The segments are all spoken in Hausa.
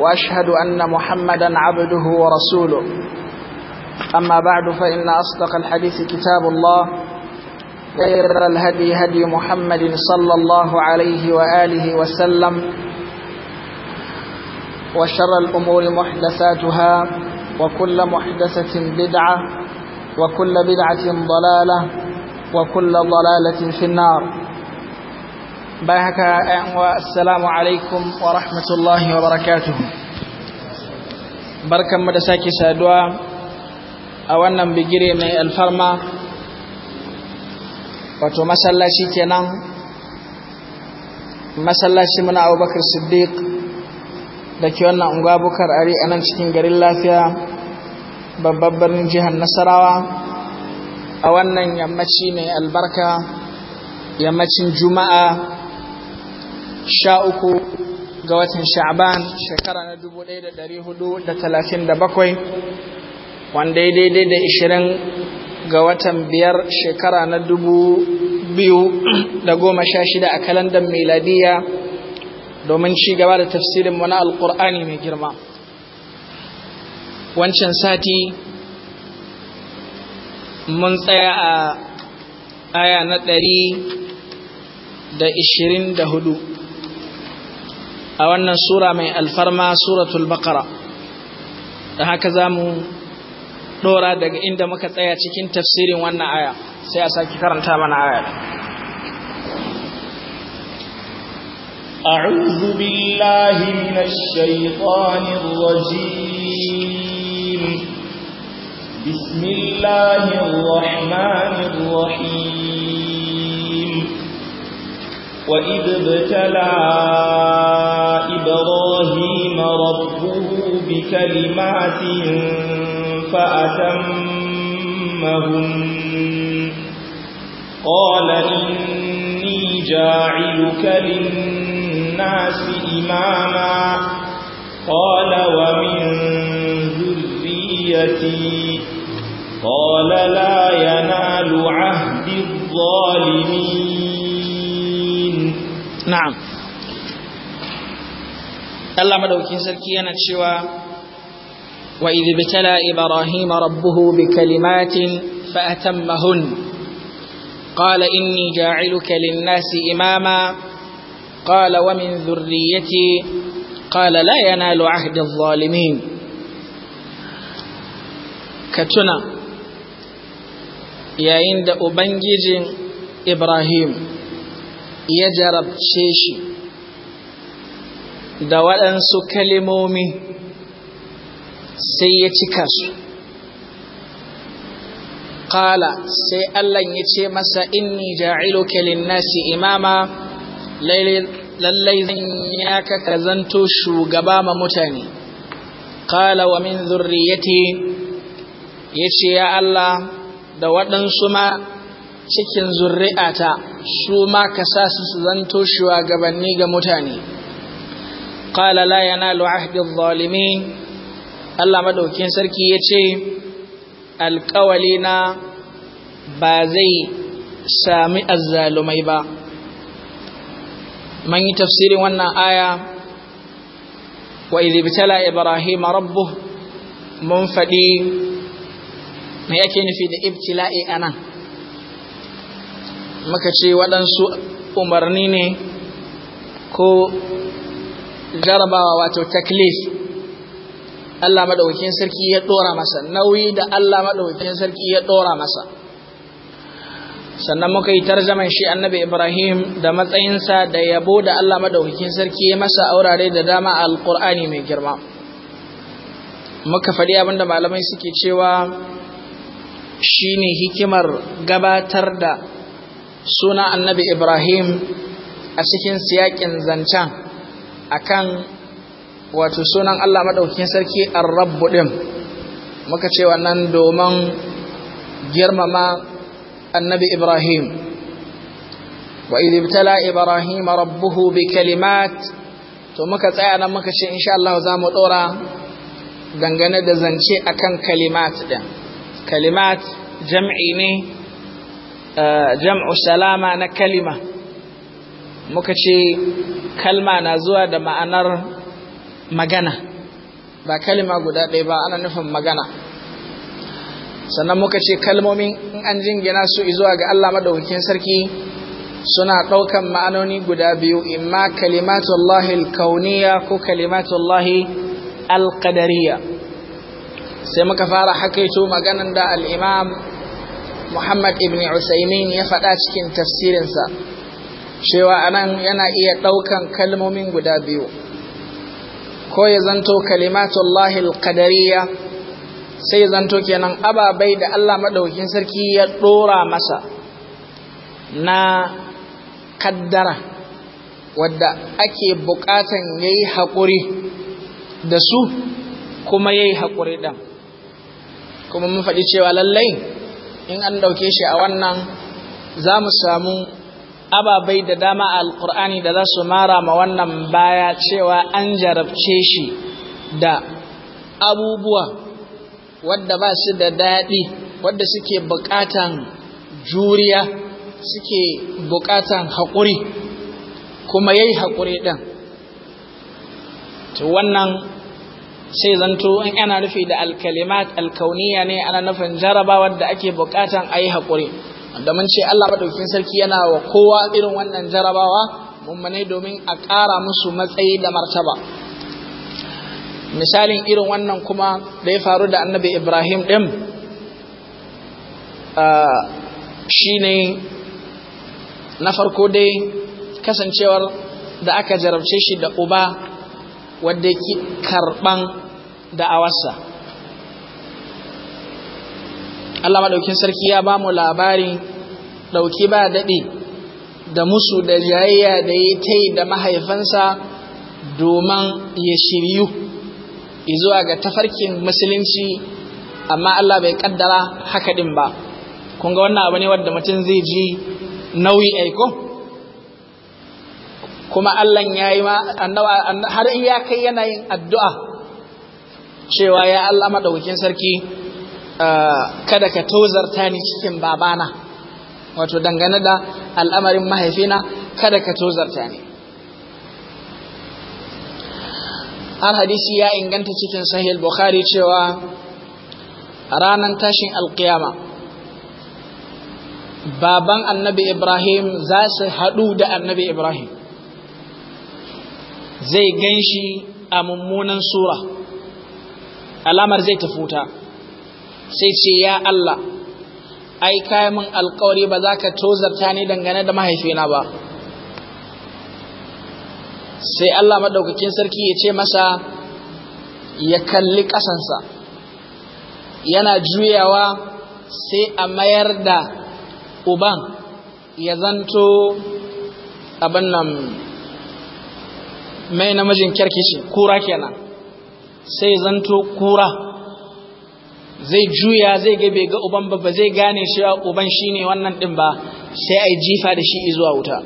وأشهد أن محمدا عبده ورسوله أما بعد فإن أصدق الحديث كتاب الله خير الهدي هدي محمد صلى الله عليه وآله وسلم وشر الأمور محدثاتها وكل محدثة بدعة وكل بدعة ضلالة وكل ضلالة في النار bayan haka wa assalamu alaikum wa rahmatullahi wa barakatuhu mu da sake saduwa a wannan bigire mai alfarma wato masallaci kenan masallaci muna abubakar siddiq da ke wannan unguwa bukar ari a nan cikin garin lafiya babban birnin jihar nasarawa a wannan yammaci mai albarka yammacin juma'a sha uku ga watan sha'ban shekara na dubu ɗaya da da talatin wanda ya daidai da ishirin ga watan biyar shekara na dubu da goma sha shida a kalandar miladiya domin ci gaba da tafsirin na alkur'ani mai girma wancan sati mun tsaya a aya na ɗari da da hudu a wannan sura mai alfarma suratul baqara da haka zamu dora daga inda muka tsaya cikin tafsirin wannan aya sai a saki karanta mana aya أعوذ بالله من الشيطان الرجيم بسم الله الرحمن الرحيم وإذ ابتلى إبراهيم ربه بكلمات فأتمهم قال إني جاعلك للناس إماما قال ومن ذريتي قال لا ينال عهد الظالمين na'am Allah madaukin sarki yana cewa wa idh bitala ibrahim rabbuhu bi kalimatin fa atammahun qala inni ja'iluka lin-nasi imama قال ومن ذريتي قال لا ينال عهد الظالمين كتنا يا عند أبنجج إبراهيم ya jarabce shi da waɗansu kalimomi sai ya cika su ƙala sai Allah ya ce masa inni ja'ilu kalin nasi imama lallai zan ya ka zanto shugaba ma mutane ƙala wa min zurriyati ya ce ya Allah da waɗansu ma cikin zurri'ata su ma ka sa su su zanto shugabanni ga mutane qala la yanalu ahdi adh Allah madaukin sarki yace na ba zai sami azzalumai ba man yi tafsirin wannan aya wa idh ibtala ibrahim rabbuh mun fadi me yake nufi da ibtila'i anan muka ce waɗansu umarni ne ko jarabawa wato taklif Allah maɗaukin sarki ya ɗora masa nauyi da Allah maɗaukin sarki ya ɗora masa sannan muka yi tarzaman shi annabi Ibrahim da matsayinsa da yabo da Allah maɗaukin sarki ya masa aurare da dama a alƙur'ani mai girma muka faɗi abinda malamai suke cewa shi ne hikimar gabatar da suna annabi ibrahim a cikin siyakin zancen akan wato sunan allah maɗaukin sarki arrabu ɗin muka ce wannan domin girmama annabi ibrahim wa ibtala ibrahim rabbuhu bi kalimat to muka tsaya nan muka ce insha Allah za mu ɗora dangane da zance akan kalimat ɗin kalimat jam'i ne Eh, jam'u salama na kalima muka ce kalma na zuwa da ma'anar magana ba kalima guda ɗaya ba ana nufin magana sannan muka ce kalmomin in an jingina su zuwa ga Allah madaukakin sarki suna ɗaukan ma'anoni guda biyu imma kalimatullahi alkauniya ko kalimatullahi alqadariya sai muka fara hakaito maganan da al-imam Muhammad ibn Usaimin ya faɗa cikin tafsirinsa cewa anan yana iya ɗaukan kalmomin guda biyu ko ya zanto kalimatullahi alqadariyya sai ya zanto kenan ababai da Allah maɗaukin sarki ya ɗora masa na kaddara wadda ake bukatan yayi haƙuri da su kuma yayi haƙuri ɗan kuma mun faɗi cewa lallai in an ɗauke shi a wannan za mu samu ababai da dama a alƙur'ani da za su mara ma wannan baya cewa an jarabce shi da abubuwa wadda ba su da daɗi wadda suke buƙatan juriya suke buƙatan haƙuri kuma yayi haƙuri ɗin to wannan sai zanto in ana nufi da alkalimat alkauniya ne ana nufin jarabawar da ake bukatan a yi haƙuri domin ce Allah maɗaukin sarki yana wa kowa irin wannan jarabawa mummane domin a ƙara musu matsayi da martaba misalin irin wannan kuma da ya faru da annabi ibrahim ɗin shi ne na farko dai kasancewar da aka jarabce shi da uba wadda yake karban da'awarsa Allah maɗaukin sarki ya ba mu labarin ɗauki ba daɗi da musu da jayayya da ya ta'i da mahaifansa domin ya shiryu zuwa ga tafarkin musulunci amma Allah bai kaddara haka ɗin ba kun ga wannan abu ne wadda mutum zai ji nauyi aiko kuma Allah ya yi ma har iya kai yana yin addu'a cewa ya Allah maɗaukin sarki ah, kada ka tozarta ni cikin babana wato dangane da al'amarin mahaifina kada ka tozarta ni har hadisi ya inganta cikin sahil bukhari cewa ranar tashin alkiyama baban annabi ibrahim za su haɗu da annabi ibrahim zai gan shi a mummunan sura alamar zai tafi wuta sai ce ya Allah ai kayan min alkawari ba za ka tozarta ni dangane da mahaifina ba sai Allah maɗaukakin sarki ya ce masa ya kalli ƙasansa yana juyawa sai a mayar da uban ya zanto abin nan mai namijin ce kura kenan sai zanto kura zai juya zai ga bai ga uban ba ba zai gane shi a uban shi ne wannan din ba sai ai jifa da shi zuwa wuta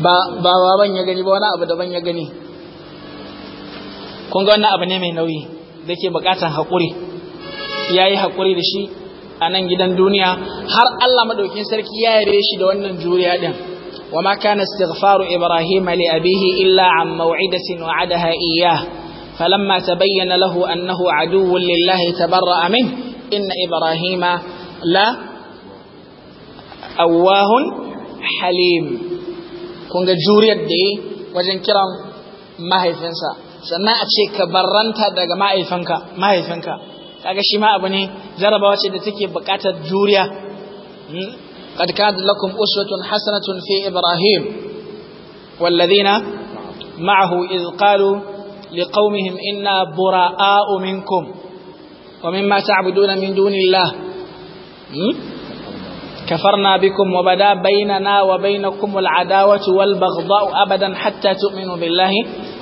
ba ba baban ya gani ba wani abu da ban ya gani kun ga wannan abu ne mai nauyi da ke bukatan Ya yi haƙuri da shi a nan gidan duniya har Allah madaukin sarki ya yare shi da wannan juriya ɗin وما كان استغفار إبراهيم لأبيه إلا عن موعدة وعدها إياه فلما تبين له أنه عدو لله تبرأ منه إن إبراهيم لا أواه حليم كونغ جوريت دي وجن كرام ما هي فنسا sannan a ce ka barranta daga mahaifinka mahaifinka kaga shi ma abu ne jarabawa ce da take buƙatar juriya قد كانت لكم أسوة حسنة في إبراهيم والذين معه إذ قالوا لقومهم إنا براء منكم ومما تعبدون من دون الله كفرنا بكم وبدا بيننا وبينكم العداوة والبغضاء أبدا حتى تؤمنوا بالله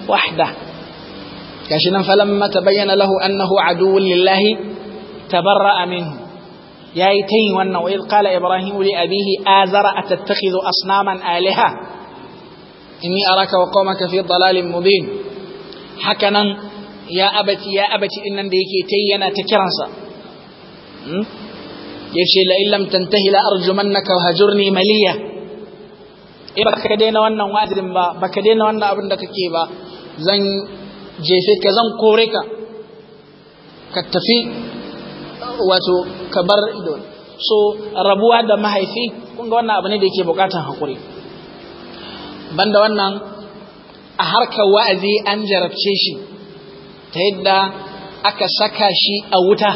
وحده كاشنا فلما تبين له أنه عدو لله تبرأ منه yayi tayi wannan wa idh qala ibrahim li abihi azara atattakhidhu asnaman alaha inni araka wa koma fi dalalin mubin hakanan ya abaci ya abati dinnan da yake ta yi yana ta kiransa Ya ce la illam tantahi la na ka hajurni maliya eh baka daina wannan wa'azin ba baka daina wannan abin da kake ba zan jefe ka zan kore ka ka tafi wato kabar ido so rabuwa da mahaifi kun ga wannan abu ne da yake bukatan hakuri banda wannan a harkar wa'azi an jarabce shi ta yadda aka saka shi a wuta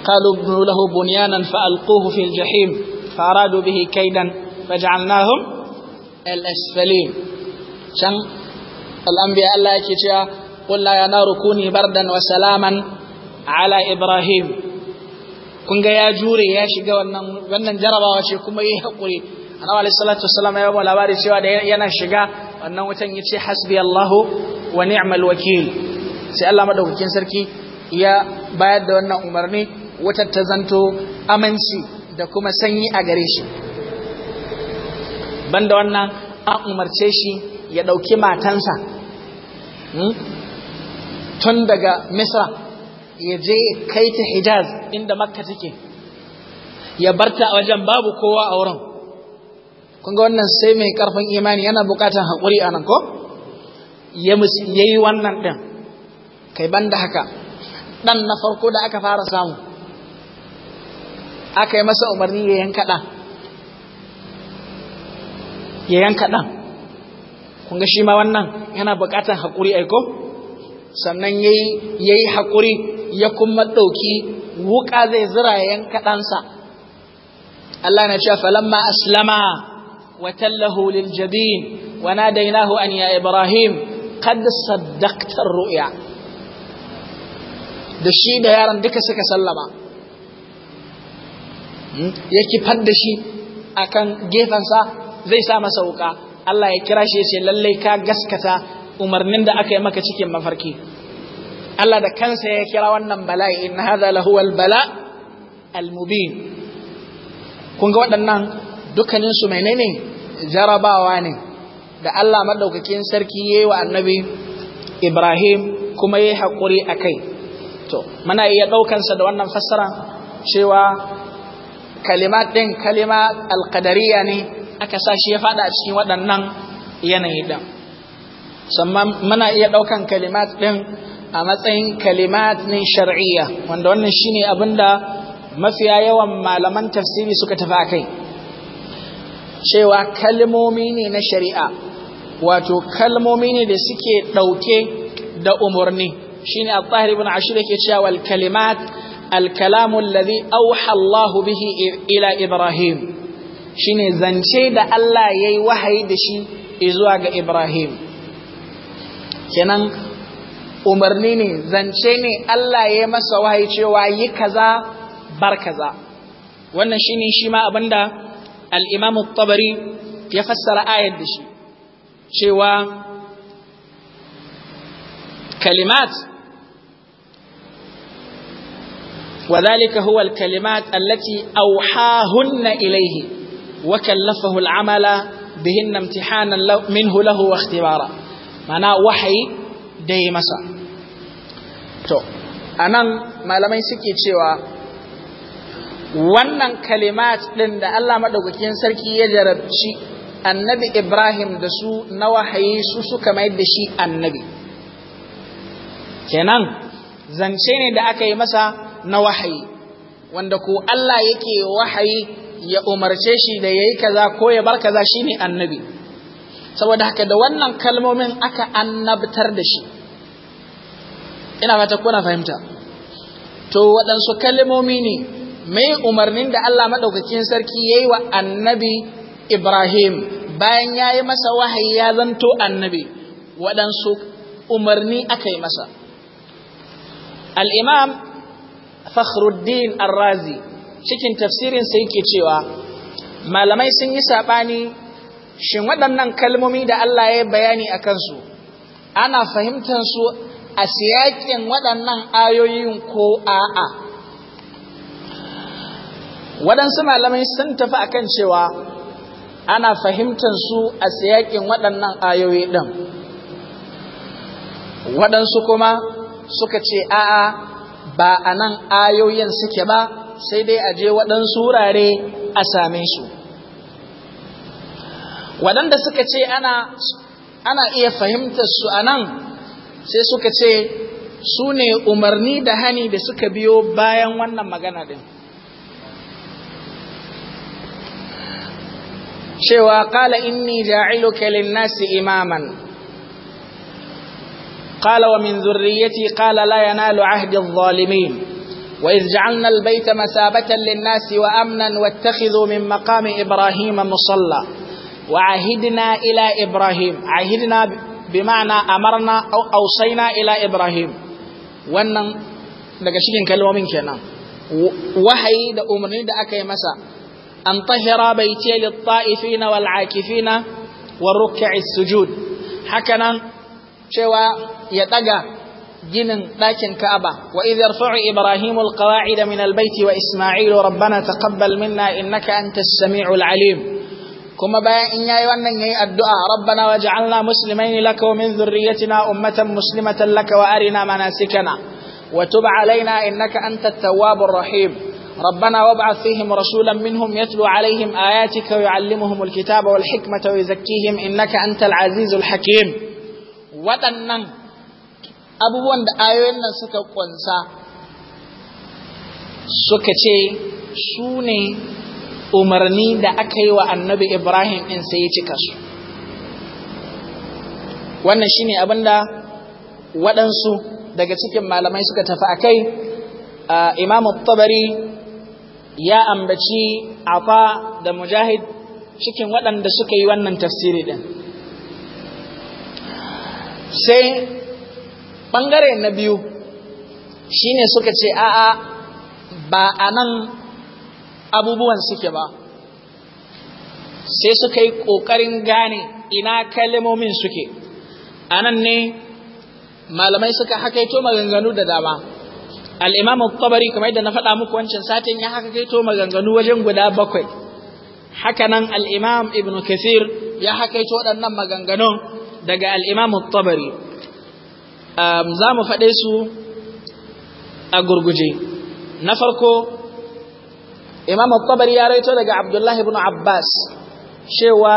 قالوا ابنوا له بنيانا فألقوه في الجحيم فأرادوا به كيدا فجعلناهم الأسفلين شن الأنبياء الله يكتيا قل ya naru kuni bardan wa salaman ala ibrahim Kunga ya jure ya shiga wannan wannan jarabawa ce kuma yi hakuri annabi alaihi salatu wassalam ya ba labari cewa da yana shiga wannan wutan yace hasbi Allahu wa ni'mal wakil sai Allah madaukakin sarki ya bayar da wannan umarni wutar ta zanto aminci da kuma sanyi a gare shi banda wannan an umarce shi ya ɗauki matansa tun daga misra ya je kai ta hijaz inda makka take ya barta a wajen babu kowa a wurin kun ga wannan sai mai karfin imani yana bukatan haƙuri a nan ko ya yi wannan ɗin kai ban da haka ɗan na farko da aka fara samu aka yi masa umarni ya yanka ɗan ya yanka ɗan kun ga shi ma wannan yana bukatar haƙuri aiko sannan ya yi haƙuri ya kuma ɗauki wuƙa zai zira yanka ɗansa Allah na cewa falamma aslama wa tallahu lil jabin wa nadainahu an ya ibrahim qad saddaqta ruya da shi da yaron duka suka sallama hmm? ya kifar da shi akan gefensa zai sa masa wuƙa Allah ya kira shi ya ce lallai ka gaskata umarnin da aka yi maka cikin mafarki Allah da kansa ya kira wannan bala'i in hadha lahu al bala al mubin kun ga waɗannan dukkanin su menene jarabawa ne da Allah madaukakin sarki yayi wa annabi Ibrahim kuma yayi hakuri akai to muna iya daukan da wannan fassara cewa kalima ɗin kalima al ne aka sa shi ya fada a cikin waɗannan yanayi ɗin. sannan muna iya ɗaukan kalimat ɗin a matsayin kalimat ne shar'iyya wanda wannan shine abinda mafiya yawan malaman tafsiri suka tafi a kai cewa kalmomi ne na shari'a wato kalmomi ne da suke ɗauke da umarni shine al-tahir ibn ashir yake cewa wal kalimat al-kalamu alladhi awha Allah bihi ila Ibrahim shine zance da Allah yayi wahayi da shi zuwa ga Ibrahim kenan umarni ne zance ne Allah ya masa wahayi cewa yi kaza bar kaza wannan shine shi ma abinda al-Imam tabari ya fassara ayar da shi cewa kalimat وذلك هو الكلمات التي أوحاهن إليه وكلفه العمل بهن امتحانا منه له واختبارا mana wahayi da yi masa to anan malamai suke cewa wannan kalimat ɗin da Allah maɗaukakin sarki ya jarabci annabi Ibrahim da su na wahayi su suka mai da shi annabi kenan zance ne da aka yi masa na wahayi wanda ko Allah yake wahayi ya umarce shi da ya yi kaza ko ya bar kaza shine annabi saboda haka da wannan kalmomin aka annabtar da shi ina fata kuna fahimta to waɗansu kalmomi ne mai umarnin da Allah maɗaukakin sarki ya yi wa annabi Ibrahim bayan ya yi masa wahayi ya zanto annabi waɗansu umarni aka yi masa al'imam fakhruddin razi cikin tafsirin tafsirinsa yake cewa malamai sun yi saɓani shin waɗannan kalmomi da Allah ya bayani a kansu ana fahimtar su a siyakin waɗannan ayoyin ko a'a waɗansu malamai sun tafi a kan cewa ana fahimtar su a siyakin waɗannan ayoyi ɗin waɗansu kuma suka ce a'a ba a nan ayoyin suke ba sai dai a je waɗansu wurare a same su waɗanda suka ce ana iya fahimtar su a sai suka ce su ne umarni da hani da suka biyo bayan wannan magana din. cewa ƙala inni ja'iluka lin nasi imaman ƙala wa min zurriyyati ƙala la yanalu ahdi adh-dhalimin wa idh ja'alna al-bayta masabatan lin wa amnan wattakhidhu min maqami ibrahima musalla wa ahidna ila ibrahim ahidna bi ma'ana amarna aw awsayna ila ibrahim wannan daga cikin kalmomin kenan wahayi da umarnin da aka yi masa an tahira baiti lit ta'ifina wal akifina war ruk'i sujud hakanan cewa ya daga ginin ɗakin Ka'aba wa idh yarfa'u Ibrahimu al-qawa'ida min al wa Isma'ilu rabbana taqabbal minna innaka antas sami'ul alim kuma bayan in yayi wannan yayi addu'a rabbana waj'alna muslimaini laka wa min dhurriyyatina ummatan muslimatan laka wa arina manasikana Watuba tub alaina innaka antat tawwabur rahim ربنا wa فيهم رسولا منهم يتلو عليهم آياتك ويعلمهم الكتاب والحكمة ويزكيهم إنك أنت العزيز الحكيم waɗannan abubuwan da ayoyin na suka ƙunsa suka ce su umarni da aka yi wa annabi Ibrahim in sai ya cika su wannan shine abinda waɗansu daga cikin malamai suka tafi a kai imam tabari ya ambaci afa da mujahid cikin waɗanda suka yi wannan tafsiri ɗin sai ɓangare na biyu shine suka ce a'a ba a nan abubuwan suke ba sai suka yi ƙoƙarin gane ina kalimomin suke a nan ne malamai suka hakaito maganganu da dama al’imam tabari kamar yadda na faɗa muku wancan satin ya hakaito maganganu wajen guda bakwai haka nan al'imam ibn kathir ya hakaito waɗannan maganganun daga al’imam tabari za mu faɗe su a gurguje na farko imam al-tabari ya raito daga abdullah ibn abbas cewa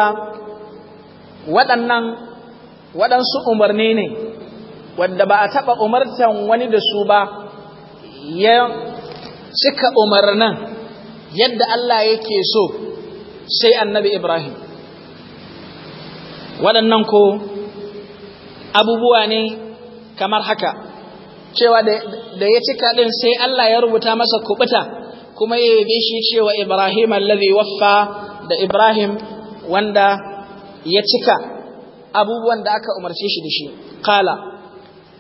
waɗannan waɗansu umarni ne wanda ba a taɓa umartan wani da su ba ya cika umarnan yadda Allah yake so sai annabi ibrahim waɗannan ko abubuwa ne kamar haka cewa da ya cika ɗin sai Allah ya rubuta masa kuɓuta. kuma ya yabe shi cewa Ibrahim allazi waffa da Ibrahim wanda ya cika abubuwan da aka umarce shi da shi kala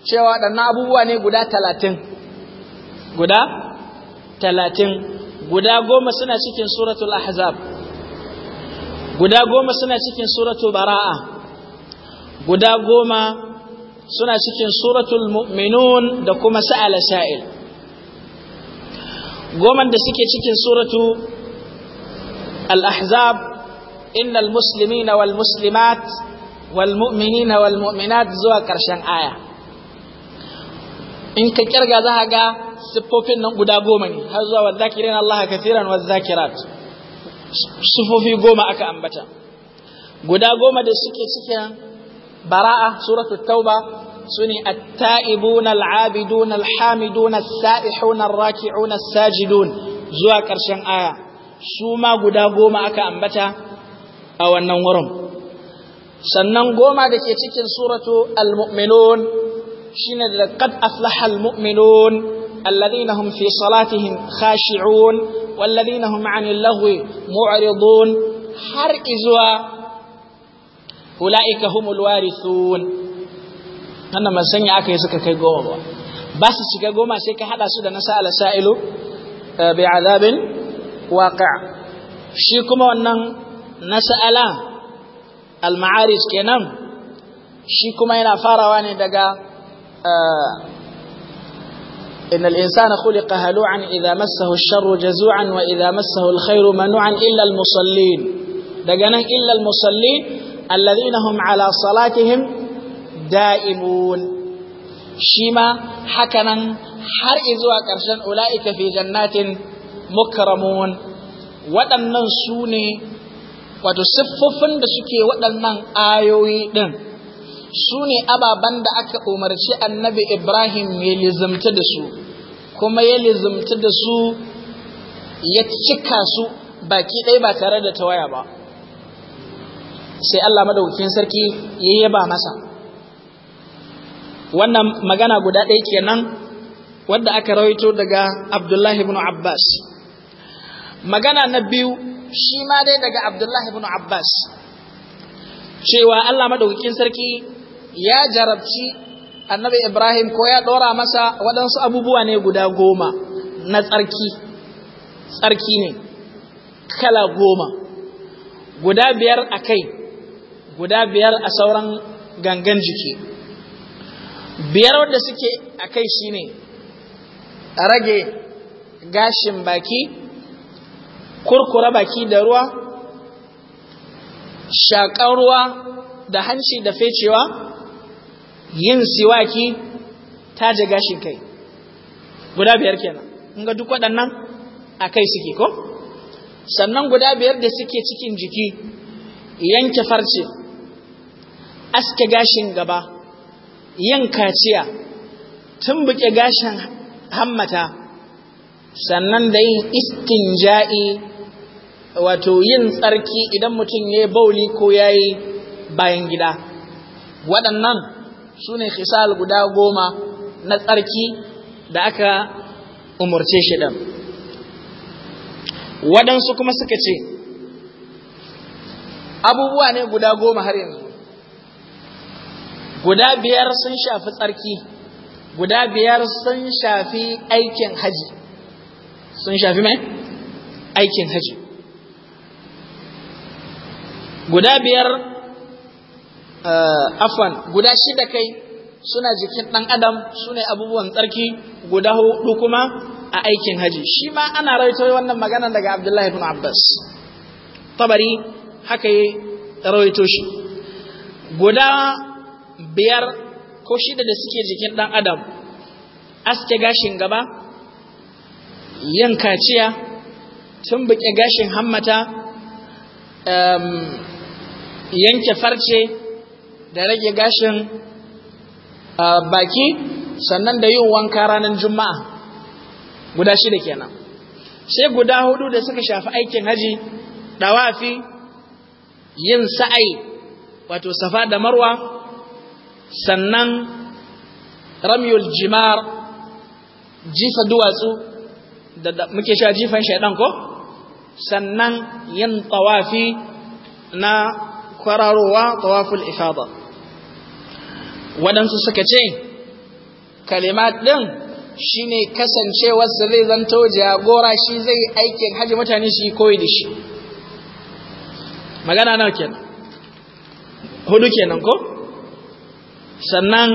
cewa ɗannan abubuwa ne guda talatin guda talatin guda goma suna cikin suratul ahzab guda goma suna cikin suratul bara'a guda goma suna cikin suratul mu'minun da kuma sa'ala sa'il goma da suke cikin suratu al-ahzab innal muslimina wal muslimat wal mu'minina wal mu'minat zuwa ƙarshen aya in ka kirga za ga siffofin nan guda goma ne har zuwa wadzakirin Allah kathiran wadzakirat sufofi goma aka ambata guda goma da suke cikin bara'a suratul tauba sune at-ta'ibuna al-'abiduna al-hamiduna as-sa'ihuna rakiuna sajidun zuwa ƙarshen aya Suma guda goma aka ambata a wannan wurin sannan goma da ke cikin suratu al-mu'minun shine da qad aflaha al-mu'minun alladhina hum fi salatihim khashi'un walladhina hum 'anil lahwi mu'ridun har izuwa ulaika humul warithun nan ban sanya aka yi suka kai goma ba ba su shiga goma sai ka hada su da nasa ala sa'ilu eh, bi azabin waqi' shi kuma wannan nasa'ala al-ma'arij kenan shi kuma yana farawa ne daga إن الإنسان خلق هلوعا إذا مسه الشر جزوعا وإذا مسه الخير منوعا إلا المصلين دقنا إلا المصلين الذين هم على صلاتهم da'imun shi ma hakanan har zuwa ƙarshen ula'ika fi jannatin mukramun waɗannan su ne wato siffofin da suke waɗannan ayoyi ɗin su ne ababen da aka umarci annabi ibrahim ya lizimta da su kuma ya lizimta da su ya cika su baki ɗaya ba tare da tawaya ba sai Allah madaukin sarki ya yaba masa wannan magana guda ɗaya kenan wadda aka rawaito daga Abdullahi ibn Abbas magana na biyu shi ma dai daga Abdullahi ibn Abbas cewa Allah madaukakin sarki ya jarabci annabi Ibrahim ko ya ɗora masa waɗansu abubuwa ne guda goma na tsarki, tsarki ne, kala goma, guda biyar a kai, guda biyar a sauran gangan jiki. biyar wanda suke a kai shi ne rage gashin baki kurkura baki da ruwa shaƙar ruwa da hanci da fecewa yin siwaki taje gashin kai guda biyar kenan in ga duk waɗannan a kai suke ko sannan guda biyar da suke cikin jiki yanke farce aske gashin gaba yin kaciya tun tumbuke gashin hammata sannan da yin istinja'i wato yin tsarki idan mutum ya yi bauli ko ya yi bayan gida waɗannan su ne hisal guda goma na tsarki da aka umarce shi ɗan waɗansu kuma suka ce abubuwa ne guda goma har yanzu guda biyar sun shafi tsarki guda biyar sun shafi aikin haji sun shafi mai aikin haji guda biyar eh, afwan guda shida kai suna jikin ɗan adam su ne abubuwan tsarki guda hudu kuma a aikin haji shi ma ana rawaito wannan magana daga abdullahi ibn abbas tabari haka yi rawaito shi guda biyar ko shida da suke jikin ɗan adam aske gashin gaba yin kaciya buƙe gashin hammata yanke farce da rage gashin baki sannan da yin wanka ranar juma'a guda shida kenan sai guda hudu da suka shafi aikin haji dawafi yin sa'ai wato safa da marwa sannan ramyul jimar jifa duwatsu da muke sha jifan shaidan ko sannan yin tawafi na kwararowa tawaful ifada waɗansu suka ce kalimat ɗin shine kasancewarsa zai zanto jagora shi zai aikin haji mutane shi koyi da shi magana nawa kenan hudu kenan ko sannan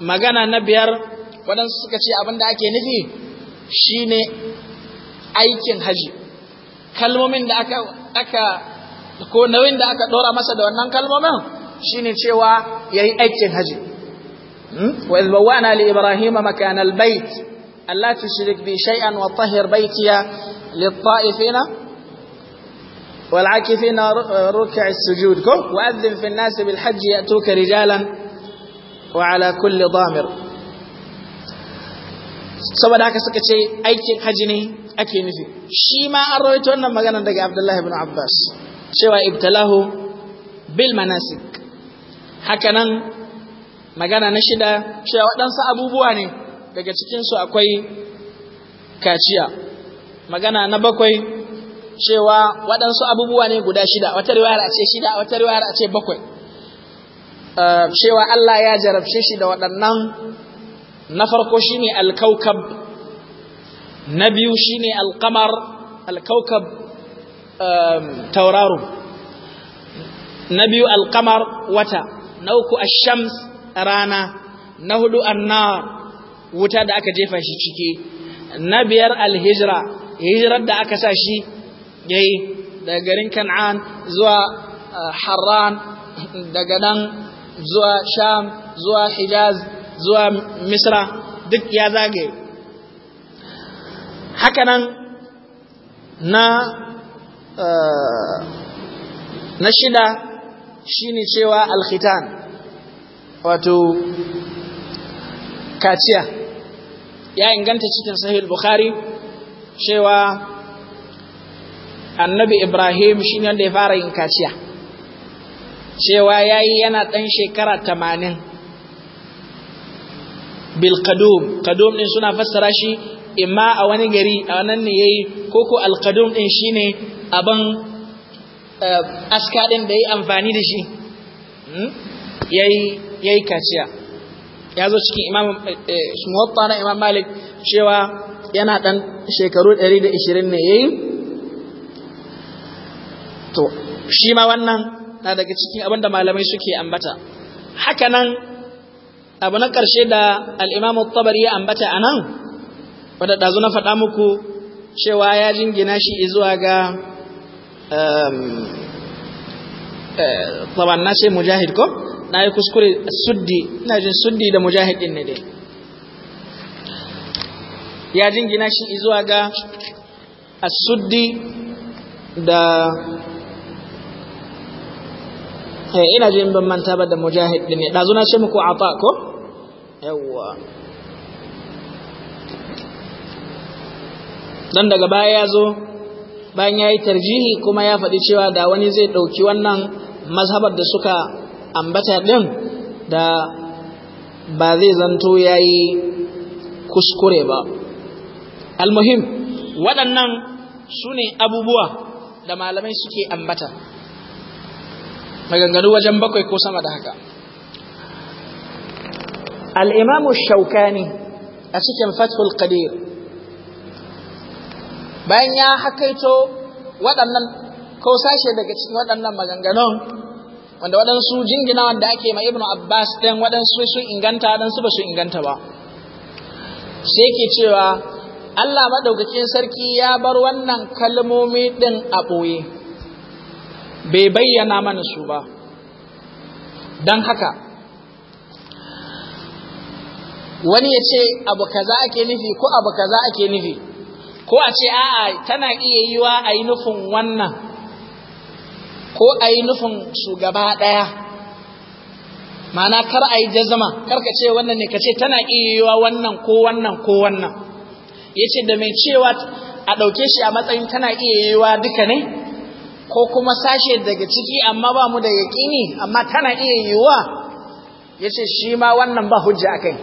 magana na biyar waɗansu suka ce abinda ake nufi shine aikin haji kalmomin da aka aka ko nauyin da aka ɗora masa da wannan kalmomin shine cewa ya yi aikin haji wa izbawana li ibrahima makanal bait Allah tushrik bi shay'an wa tahhir baitiya للطائفين والعاكفين ركع السجود كم وأذن في الناس بالحج يأتوك رجالا wa ala kulli damir saboda haka suka ce aikin haji ne ake nufi shi ma an rawaito wannan magana daga Abdullahi ibn Abbas cewa ibtalahu bil manasik hakanan magana na shida cewa waɗansu abubuwa ne daga cikinsu akwai kaciya magana na bakwai cewa waɗansu abubuwa ne guda shida wata riwayar a ce shida wata riwayar a ce bakwai Eh, cewa Allah ya jarabce shi da waɗannan na farko shi ne alkaukab na biyu shi ne alkamar alkaukab eh, tauraro na biyu alkamar wata na uku ashams rana na hudu annar wuta da aka jefa shi ciki na biyar alhijira hijirar da aka sa shi yayi daga garin kan'an zuwa eh, haran daga nan zuwa sham zuwa hijaz zuwa misra duk ya zagaye hakanan na eh, na shida shine cewa alkhitan wato kaciya ya inganta cikin sahih bukhari cewa annabi ibrahim shine wanda ya fara yin kaciya cewa ya yi yana ɗan shekara tamanin bil kadum kadum ɗin suna fassara shi imma a wani gari a wannan ne yi koko al kadum ɗin ne abin eh, aska ɗin da ya yi amfani da shi hmm? Ya yi kaciya ya zo cikin imam eh, eh, muwatta na imam malik cewa yana ɗan shekaru 120 ne ya yi. to shi ma wannan na daga cikin abin da malamai suke ambata haka nan abu na ƙarshe da al'imamu tabari ya ambata a nan wadda ɗazu na faɗa muku cewa ya jingina shi zuwa ga um, eh, tsaban na mujahid ko na yi kuskure suddi na jin suddi da mujahid ɗin ne dai ya jingina shi zuwa ga suddi da Eh, ina jin ban manta ba da mujahid ne dazu na ce muku ata ko yawwa dan daga baya ya zo bayan ya yi tarjihi kuma ya faɗi cewa da wani zai ɗauki wannan mazhabar da suka ambata ɗin da ba zai zanto ya yi kuskure ba almuhim waɗannan su ne abubuwa da malamai suke ambata maganganu wajen bakwai ko sama da haka al'imamu shaukani a cikin fathul qadir bayan ya hakaito waɗannan ko sashe daga cikin waɗannan maganganun wanda waɗansu jingina wanda ake ma ibnu abbas ɗin waɗansu sun inganta waɗansu ba su inganta ba sai ke cewa allah maɗaukakin sarki ya bar wannan kalmomi ɗin a ɓoye bai bayyana mana su ba don haka wani ya ce abu kaza ake nufi ko abu kaza ake nufi ko a ce a'a tana iya yi wa a yi nufin wannan ko a yi nufin shugaba ɗaya mana kar a yi jazama kar ka ce wannan ne ka ce tana iya yi wa wannan ko wannan ko wannan ya ce da mai cewa a ɗauke shi a matsayin tana iya yi wa duka ne ko kuma sashe daga ciki amma ba mu da yaƙini amma tana iya yiwuwa ya ce shi ma wannan ba hujja a kai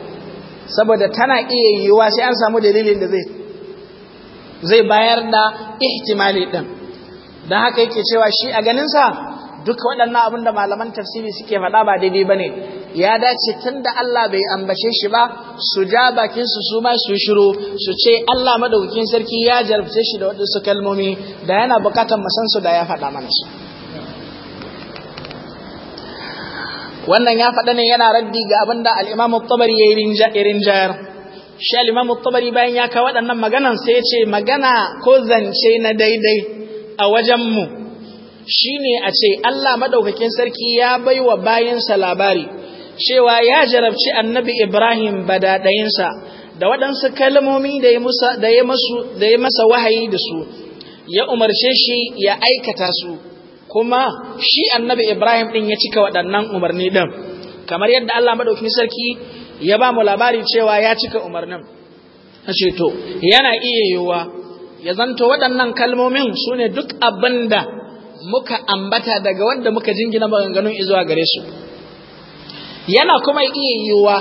saboda tana iya yiwuwa sai an samu dalilin da zai bayar da ihtimali ɗin don haka yake cewa shi a ganinsa duka waɗannan abin da malaman tafsiri suke faɗa ba daidai ba ne ya dace tun da Allah bai ambace shi ba su ja bakin su su ma su shiru su ce Allah madaukakin sarki ya jarabce shi da wadansu kalmomi da yana buƙatar su da ya faɗa mana shi wannan ya faɗa ne yana raddi ga abinda da al'imamu tabari ya yi rinjayar shi tabari bayan ya kawo waɗannan maganan sai ya ce magana ko zance na daidai a wajen mu shine a ce Allah madaukakin sarki ya baiwa bayansa labari cewa ya jarabci annabi Ibrahim badaɗayinsa da waɗansu kalmomi da ya masa wahayi da su, ya umarce shi ya aikata su, kuma shi annabi Ibrahim ɗin ya cika waɗannan umarni ɗin, kamar yadda Allah maɗaukin sarki ya ba mu labari cewa ya cika umarnin. to, yana iya yiwuwa, ya zanto waɗannan kalmomin su ne duk abinda muka ambata daga wanda muka jingina maganganun izuwa gare su. yana kuma iya yiwuwa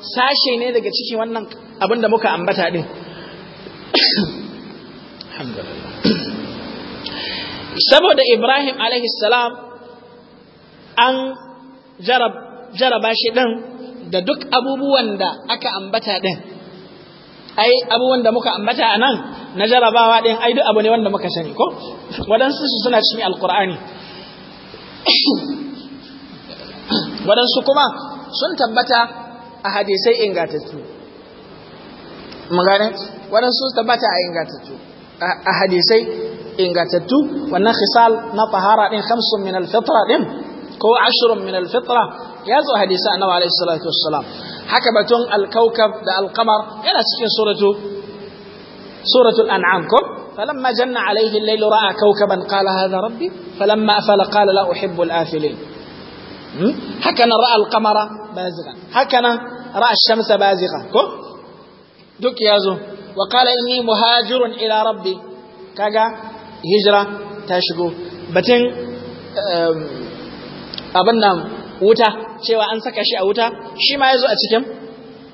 sashe ne daga ciki wannan abin da muka ambata din saboda ibrahim salam an jaraba shi din da duk abubuwan da aka ambata din ai abubuwan da muka ambata a nan na jarabawa din ai duk abu ne wanda muka sani ko waɗansu suna cikin alkur'ani waɗansu kuma sun tabbata a hadisai ingatattu magana waɗansu sun tabbata a ingatattu a hadisai ingatattu wannan khisal na fahara din khamsun min al-fitra din ko ashrun min al-fitra ya zo hadisi annabi alaihi salatu wassalam haka batun al-kawkab da al-qamar yana cikin suratu suratul an'am ko فلما جن عليه الليل راى كوكبا قال هذا ربي فلما افل قال لا احب الافلين Hmm? haka nan ra'al kamara bazika haka nan ra'al shamsa bazika ko duk ya zo wa qala inni muhajirun ila rabbi kaga hijira ta shigo batun abin nan wuta cewa an saka shi a wuta shi ma ya zo a cikin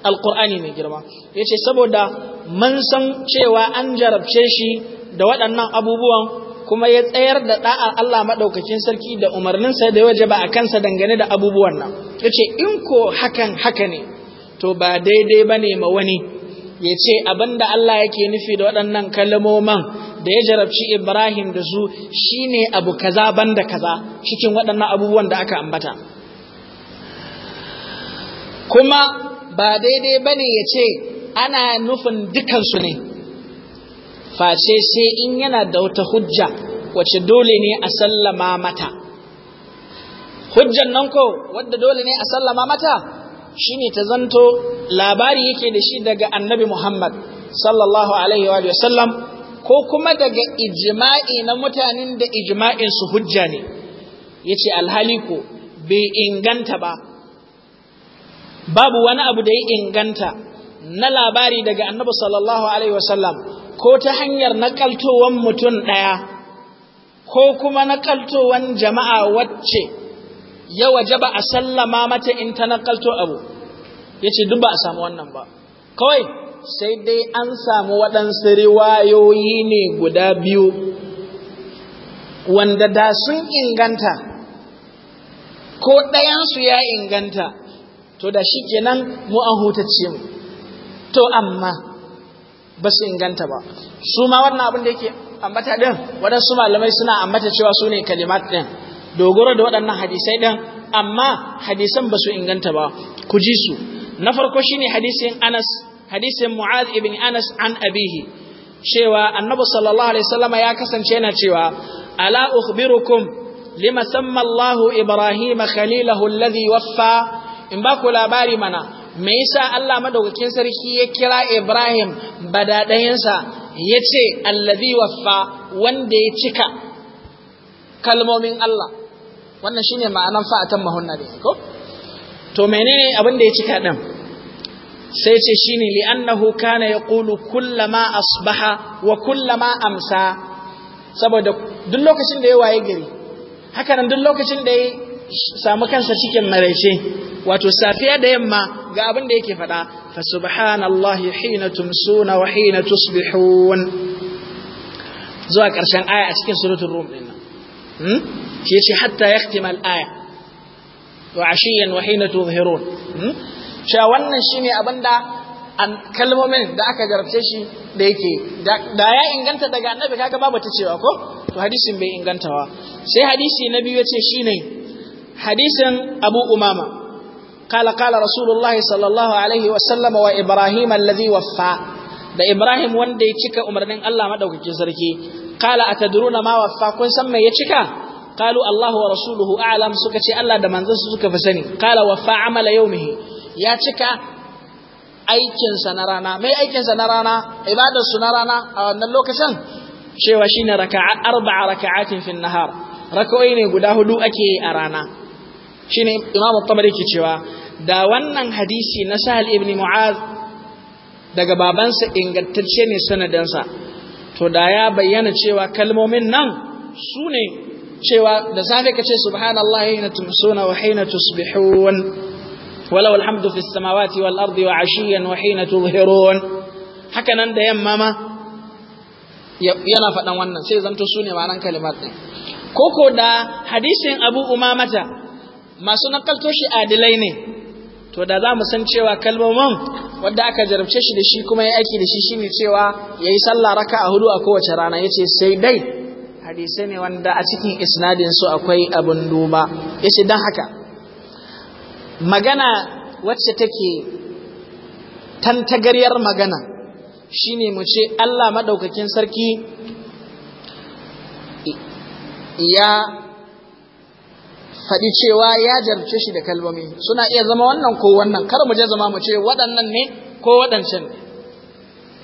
alkur'ani mai girma ya ce saboda mun san cewa an jarabce shi da waɗannan abubuwan kuma ya tsayar da da'a Allah madaukakin sarki da umarninsa sa da waje ba a kansa dangane da abubuwan nan yace in ko hakan haka ne to ba daidai bane ma wani yace abinda Allah yake nufi da waɗannan kalmoman da ya jarabci Ibrahim da su shi ne abu kaza banda kaza cikin waɗannan abubuwan da aka ambata kuma ba daidai bane yace ana nufin dukansu ne face sai in yana da wata hujja wace dole ne a sallama mata hujjan nan ko wadda dole ne a sallama mata shine ta zanto labari yake da shi daga annabi Muhammad sallallahu alaihi wa sallam ko kuma daga ijma'i na mutanen da ijma'in su hujja ne yace alhali ko bai inganta ba babu wani abu da ya inganta na labari daga annabi sallallahu alaihi wa sallam? ko ta hanyar nakaltowan mutum ɗaya ko kuma nakaltowan jama'a wacce ya waje ba a sallama mata in ta nakalto abu ya ce duk ba a samu wannan ba kawai sai dai an samu waɗansu riwayoyi ne guda biyu wanda da sun inganta ko ɗayansu ya inganta to da shi kenan mu an hutace mu to amma ba su inganta ba su ma wannan abin da yake ambata din waɗansu malamai suna ambata cewa su ne kalimat din dogoro da waɗannan hadisai ɗin. amma hadisan ba su inganta ba ku ji su na farko shine hadisin Anas hadisin mu'ad ibn Anas an abihi cewa annabi sallallahu alaihi wasallam ya kasance yana cewa ala ukhbirukum lima samma Allahu Ibrahim khalilahu alladhi waffa in ba ku labari mana me yasa Allah madaukakin sarki ya kira Ibrahim badadayensa, ya ce allazi waffa wanda ya cika kalmomin Allah wannan shine ma'anan fa'atan mahunna da ko to menene abin da ya cika din sai ce shine annahu kana yaqulu kullama asbaha wa kullama amsa saboda duk lokacin da ya waye gari haka nan duk lokacin da ya samu kansa cikin maraice wato safiya da yamma ga abin da yake faɗa fa subhanallahi hina tumsuna wa hina tusbihun zuwa ƙarshen aya a cikin suratul rum din nan hmm? shi yace hatta yaktima al-aya wa ashiyan wa hina tuzhirun hmm? cewa wannan shine abin da kalmomin da aka garabce shi da yake da ya inganta daga annabi kaga babu ta cewa ko to hadisin bai ingantawa sai hadisi na biyu yace shine hadisin abu umama قال قال رسول الله صلى الله عليه وسلم وإبراهيم الذي وفى da Ibrahim wanda ya cika umarnin Allah madaukakin sarki qala atadruna ma waffa kun san me ya cika qalu Allahu wa rasuluhu a'lam suka ce Allah da manzon su suka fi sani qala waffa amala yawmihi ya cika aikin sa na rana mai aikin sa na rana ibadar su na rana a wannan lokacin cewa shine raka'a arba'a raka'atin fi nahar raka'o'i ne guda hudu ake a rana shine imamu tabari ke cewa da wannan hadisi na sahal ibn mu'az daga babansa ingantacce ne sanadansa to da ya bayyana cewa kalmomin nan su ne cewa da safe ka ce subhanallah hina tumsuna wa hina tusbihun walau alhamdu fis samawati wal ardi wa ashiyan wa hina tuzhirun haka nan da yamma ma yana faɗan wannan sai zanto su koko da hadisin abu umamata masu nakalto shi adilai ne to da za mu san cewa kalmomin wanda aka jarabce shi da shi kuma ya aiki da shi shine cewa yayi sallah raka a hudu a kowace rana yace sai dai hadisai ne wanda a cikin isnadin su akwai abin duba yace dan haka magana wacce take tantagaryar magana shine mu ce Allah madaukakin sarki ya faɗi cewa ya jarce shi da kalmomi suna iya zama wannan ko wannan kar mu je zama mu ce waɗannan ne ko waɗancan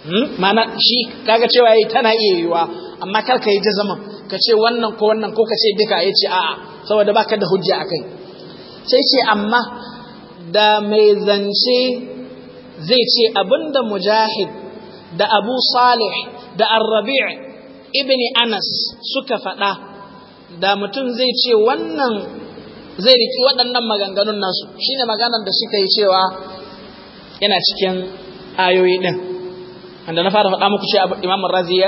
ne mana hmm? shi kaga cewa yayi tana iya yiwa amma kar ka yi zama ka ce wannan ko wannan ko ka ce duka ya ce a'a saboda baka da hujja akai sai ce amma da mai zance zai ce abinda mujahid da abu salih da arrabi' ibni anas suka faɗa da mutum zai ce wannan zai riki waɗannan maganganun nasu shine maganar da suka yi cewa yana cikin ayoyi ɗin wanda na fara faɗa muku ce imam razi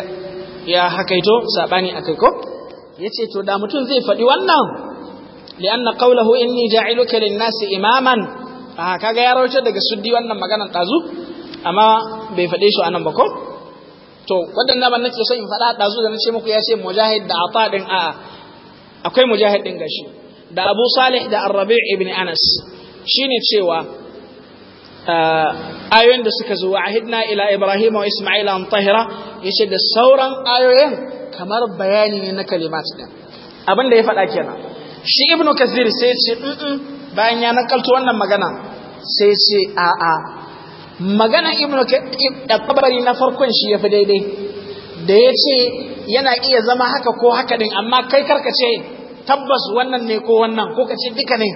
ya hakaito saɓani a ko ya ce to da mutum zai faɗi wannan li'anna qawlahu ni ja'iluka lin-nasi imaman a kaga ya rawaito daga suddi wannan maganar ɗazu amma bai faɗe shi anan ba ko to wadannan ban nake so in faɗa ɗazu da na ce muku ya ce mujahid da ata ɗin a'a akwai mujahid ɗin gashi da abu salih da arrabi ibn anas shine cewa uh, ayoyin da suka zo ahidna ila ibrahim wa isma'il an tahira yace da sauran ayoyin kamar bayani ne na kalimat din abin ya faɗa kenan shi ibnu kasir sai ce bayan ya nakalto wannan magana sai ce a'a magana ibnu kabari na farkon shi ya fi daidai da yace yana iya zama haka ko haka din amma kai karka ce. tabbas wannan ne ko wannan ko ka ce duka ne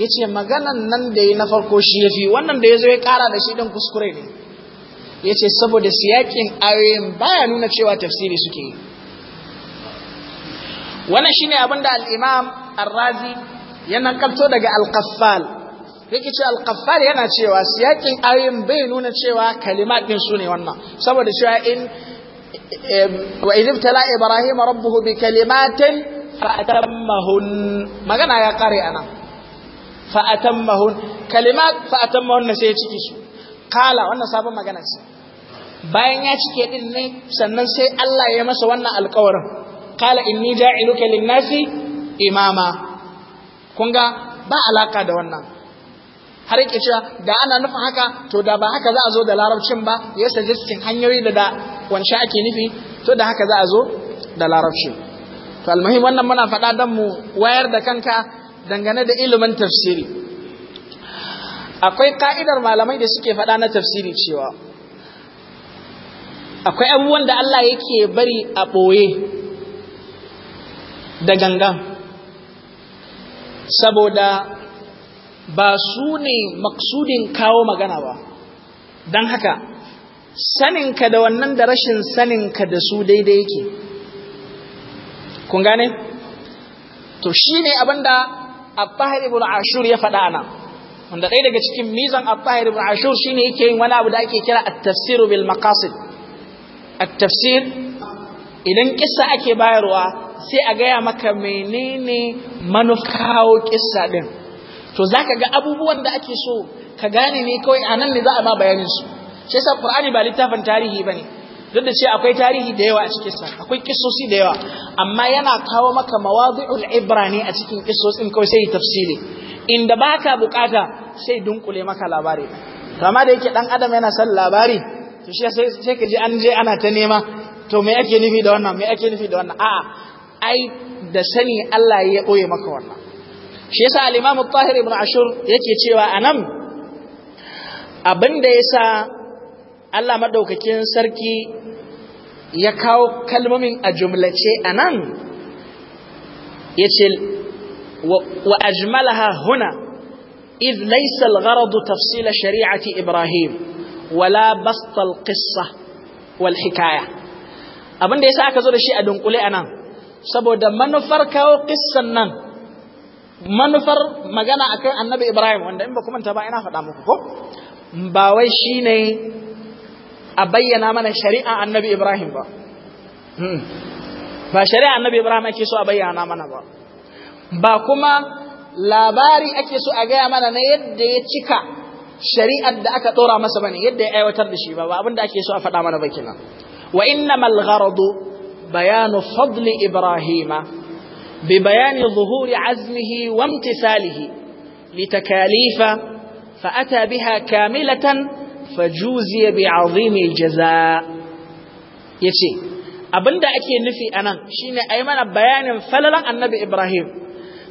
ya ce maganan nan da ya na farko shi ya fi wannan da ya zo ya kara da shi ɗin kuskure ne ya ce saboda siyakin ayoyin baya nuna cewa tafsiri suke yi wannan shine abin da al'imam arrazi ya nakalto daga alkaffal yake ce alkaffal yana cewa siyakin ayoyin bai nuna cewa kalimat su ne wannan saboda cewa in wa idibtala ibrahim rabbuhu bi kalimatin fa'atammahun magana ya kare anan fa'atammahun kalimat fa'atammahun na sai ya cike su kala wannan sabon magana ce bayan ya cike din ne sannan sai Allah ya masa wannan alƙawarin kala inni ja'iluka lin-nasi imama kun ga ba alaka da wannan har yake cewa da ana nufin haka to da ba haka za a zo da larabcin ba ya suggestin hanyoyi da da wancan ake nufi to da haka za a zo da larabcin to wannan muna faɗa don mu wayar da kanka dangane da ilimin tafsiri akwai ka'idar malamai da suke faɗa na tafsiri cewa akwai abubuwan da Allah yake bari a ɓoye da gangan saboda ba su ne maksudin kawo magana ba don haka saninka da wannan da rashin saninka da su daidai yake kun gane to shine abinda Abbahir ibn Ashur ya faɗa anan wanda ɗaya daga cikin mizan Abbahir ibn Ashur shine yake yin wani abu da ake kira at-tafsir bil maqasid at-tafsir idan kissa ake bayarwa sai a gaya maka menene manufawo kissa din to zaka ga abubuwan da ake so ka gane ne kawai anan ne za a ba bayanin su shi yasa Qur'ani ba littafin tarihi bane duk da ce akwai tarihi da yawa a cikinsa akwai kisosi da yawa amma yana kawo maka mawadu'ul ibrani a cikin kisosin kawai sai tafsiri inda baka bukata sai dunkule maka labari amma da yake dan adam yana son labari to shi sai ka kaje an je ana ta nema to me ake nufi da wannan me ake nufi da wannan a'a ai da sani Allah ya boye maka wannan shi yasa al-Imam Tahir ibn Ashur yake cewa anan abinda yasa Allah madaukakin sarki ya kawo kalmomin a jumlace a nan ya ce wa ajmalaha huna إذ ليس الغرض تفصيل Ibrahim wala ولا بسط القصة والحكاية abin da yasa aka zo da shi a dunkule anan saboda manufar kawo kissan nan manufar magana akan annabi ibrahim wanda in ba kuma ta ba ina faɗa muku ko ba wai shine a bayyana mana shari'a annabi Ibrahim ba hmm. ba shari'a annabi Ibrahim ake so a bayyana mana ba ba kuma labari ake so a gaya mana na yadda ya cika shari'ar da aka ɗora masa bane yadda ya aiwatar da shi ba ba ake so a faɗa mana ba kenan wa innamal gharadu bayanu fadli ibrahima Bi ببيان ظهور عزمه وامتثاله لتكاليف فأتى biha kamilatan fajuziya bi azimil jaza yace abinda ake nufi anan shine ayi mana bayanin falalan annabi Ibrahim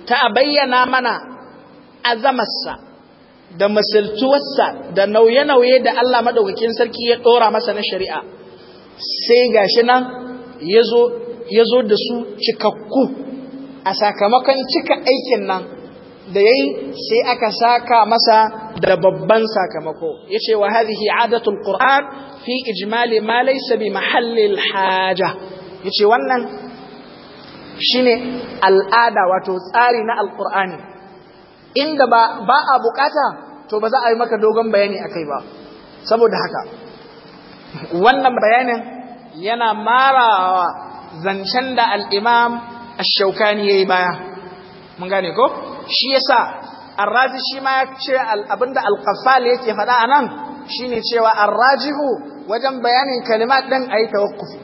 ta bayyana mana azamarsa da masaltuwarsa da nauye-nauye da Allah madaukakin sarki ya dora masa na shari'a sai gashi nan yazo yazo da su cikakku a sakamakon cika aikin nan da yayi sai aka saka masa da babban sakamako yace wa hadhihi adatul qur'an fi ijmali ma laysa bi mahallil haja yace wannan shine al'ada wato tsari na alqur'ani inda ba ba a bukata to ba za a yi maka dogon bayani akai ba saboda haka wannan bayanin yana marawa zancen da al-imam ash-shawkani yayi baya mun gane ko shi yasa arraji shi ma ya ce abinda alqafal yake faɗa anan shine cewa arrajihu wajen bayanin kalimat din ayi tawakkufi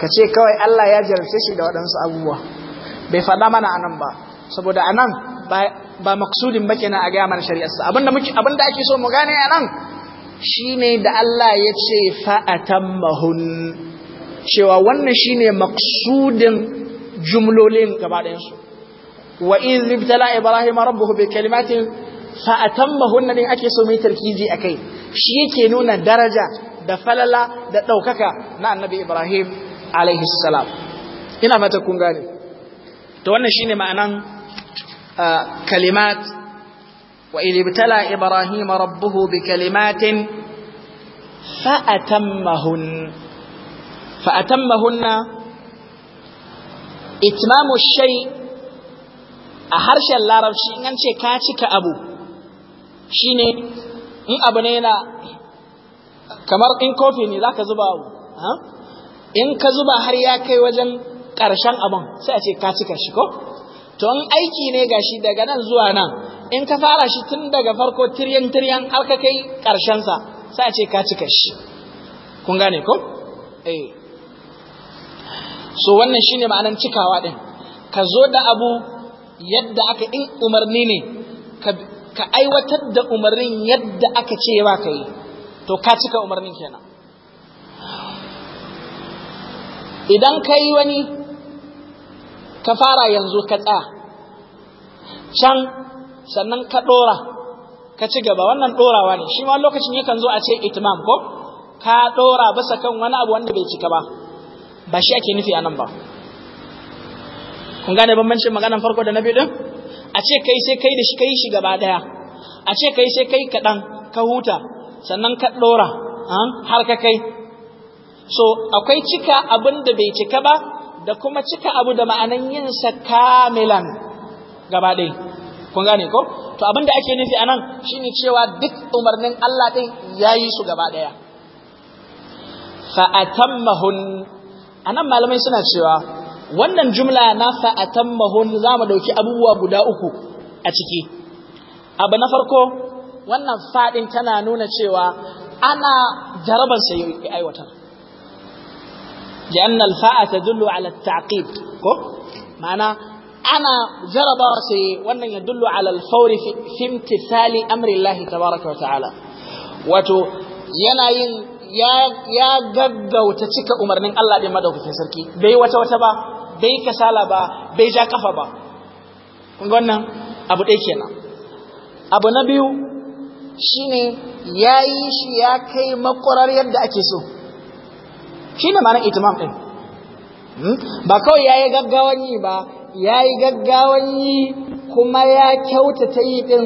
kace kawai Allah ya jarce shi da waɗansu abubuwa bai faɗa mana anan ba saboda anan ba maksudin ba kenan a gaya mana shari'arsa abinda muke abinda ake so mu gane anan shine da Allah ya ce fa atammahun cewa wannan shine maksudin jumlolin gaba ɗayansu wa in libtala ibrahim rabbuhu bi kalimatin fa atammahunna din ake so mai tarkiji akai shi yake nuna daraja da falala da ɗaukaka na annabi ibrahim alaihi salam ina mata kun gane to wannan shine ma'anan kalimat wa in libtala ibrahim rabbuhu bi kalimatin fa atammahun fa atammahunna itmamu shay a harshen larabci in an ce ka cika abu shine in abu ne na kamar in kofi ne zaka zuba abu in ka zuba har ya kai wajen ƙarshen abun sai a ce ka cika shi ko to in aiki ne gashi daga nan zuwa nan in ka fara shi tun daga farko tiryan tiryan har ka kai ƙarshensa, sa sai a ce ka cika shi kun gane ko eh so wannan shine ma'anan cikawa din ka zo da abu yadda aka in umarni ne ka aiwatar da umarnin yadda aka ce ba ka yi to ka cika umarnin kenan idan ka yi wani ka fara yanzu ka tsaya can sannan ka ɗora ka ci gaba wannan ɗorawa ne shi ma lokacin yakan zo a ce itimam ko ka ɗora basa kan wani abu wanda bai cika ba ba shi ake nufi anan ba kun gane bambancin maganan farko da na biyu din a ce kai sai kai da shi kai shi gaba daya a ce kai sai kai kaɗan ka huta sannan ka ɗora har ka kai so akwai cika abin da bai cika ba da kuma cika abu da ma'anan yinsa kamilan gaba ɗaya kun gane ko to abin da ake nufi anan shine cewa duk umarnin Allah ɗin ya yi su gaba ɗaya fa'atammahun anan malamai suna cewa wannan jumla na fa'atan mahon za mu ɗauki abubuwa guda uku a ciki abu na farko wannan fadin tana nuna cewa ana jaraban sai ya aiwata. li'anna al-fa'a tadullu ala at-ta'qib ko ma'ana ana jarabawa sai wannan ya dullu ala al-fawr fi imtithali amri Allah wato yana yin ya gaggauta cika umarnin Allah ɗin madaukakin sarki bai wata wata ba bai kasala ba bai ja kafa ba wannan abu ɗaya kenan abu na biyu shine ya yi shi ya kai makwarar yadda ake so shi ne ma'anar itimam ɗin hmm? ba kawai ya yi gaggawan yi ba ya yi gaggawan yi kuma ya kyautata yi ɗin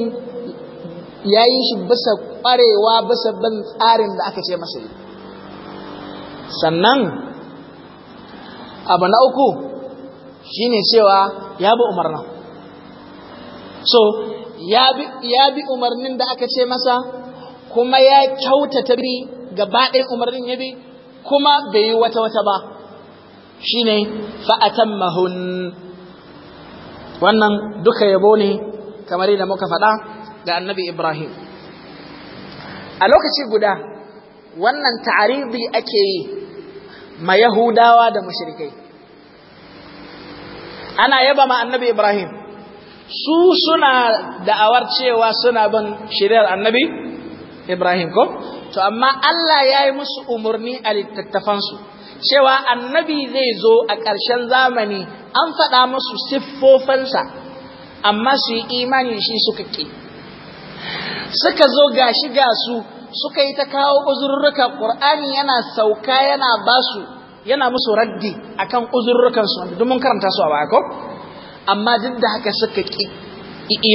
ya yi shi bisa ƙwarewa bisa bin tsarin da aka ce masa yi sannan abu na uku ne cewa ya bi umarnin so ya bi umarnin da aka ce masa kuma ya kyauta ta bi gaba umarnin ya bi kuma bai yi wata-wata ba shi ne fa'atan mahun wannan duka yabo ne kamar yadda muka faɗa ga annabi ibrahim a lokaci guda wannan ta'aridi ake yi ma Yahudawa da mushrikai ana yaba ma annabi Ibrahim su suna da'awar cewa suna bin shiriyar annabi Ibrahim ko to amma Allah ya yi musu umarni a littattafansu cewa annabi zai zo a ƙarshen zamani an faɗa musu siffofinsa amma su yi imani shi suka ke suka zo gashi ga su suka yi ta kawo uzurruka qur'ani yana sauka yana basu yana musu raddi akan uzurrukan su wanda mun karanta su a baya ko amma duk da haka suka ki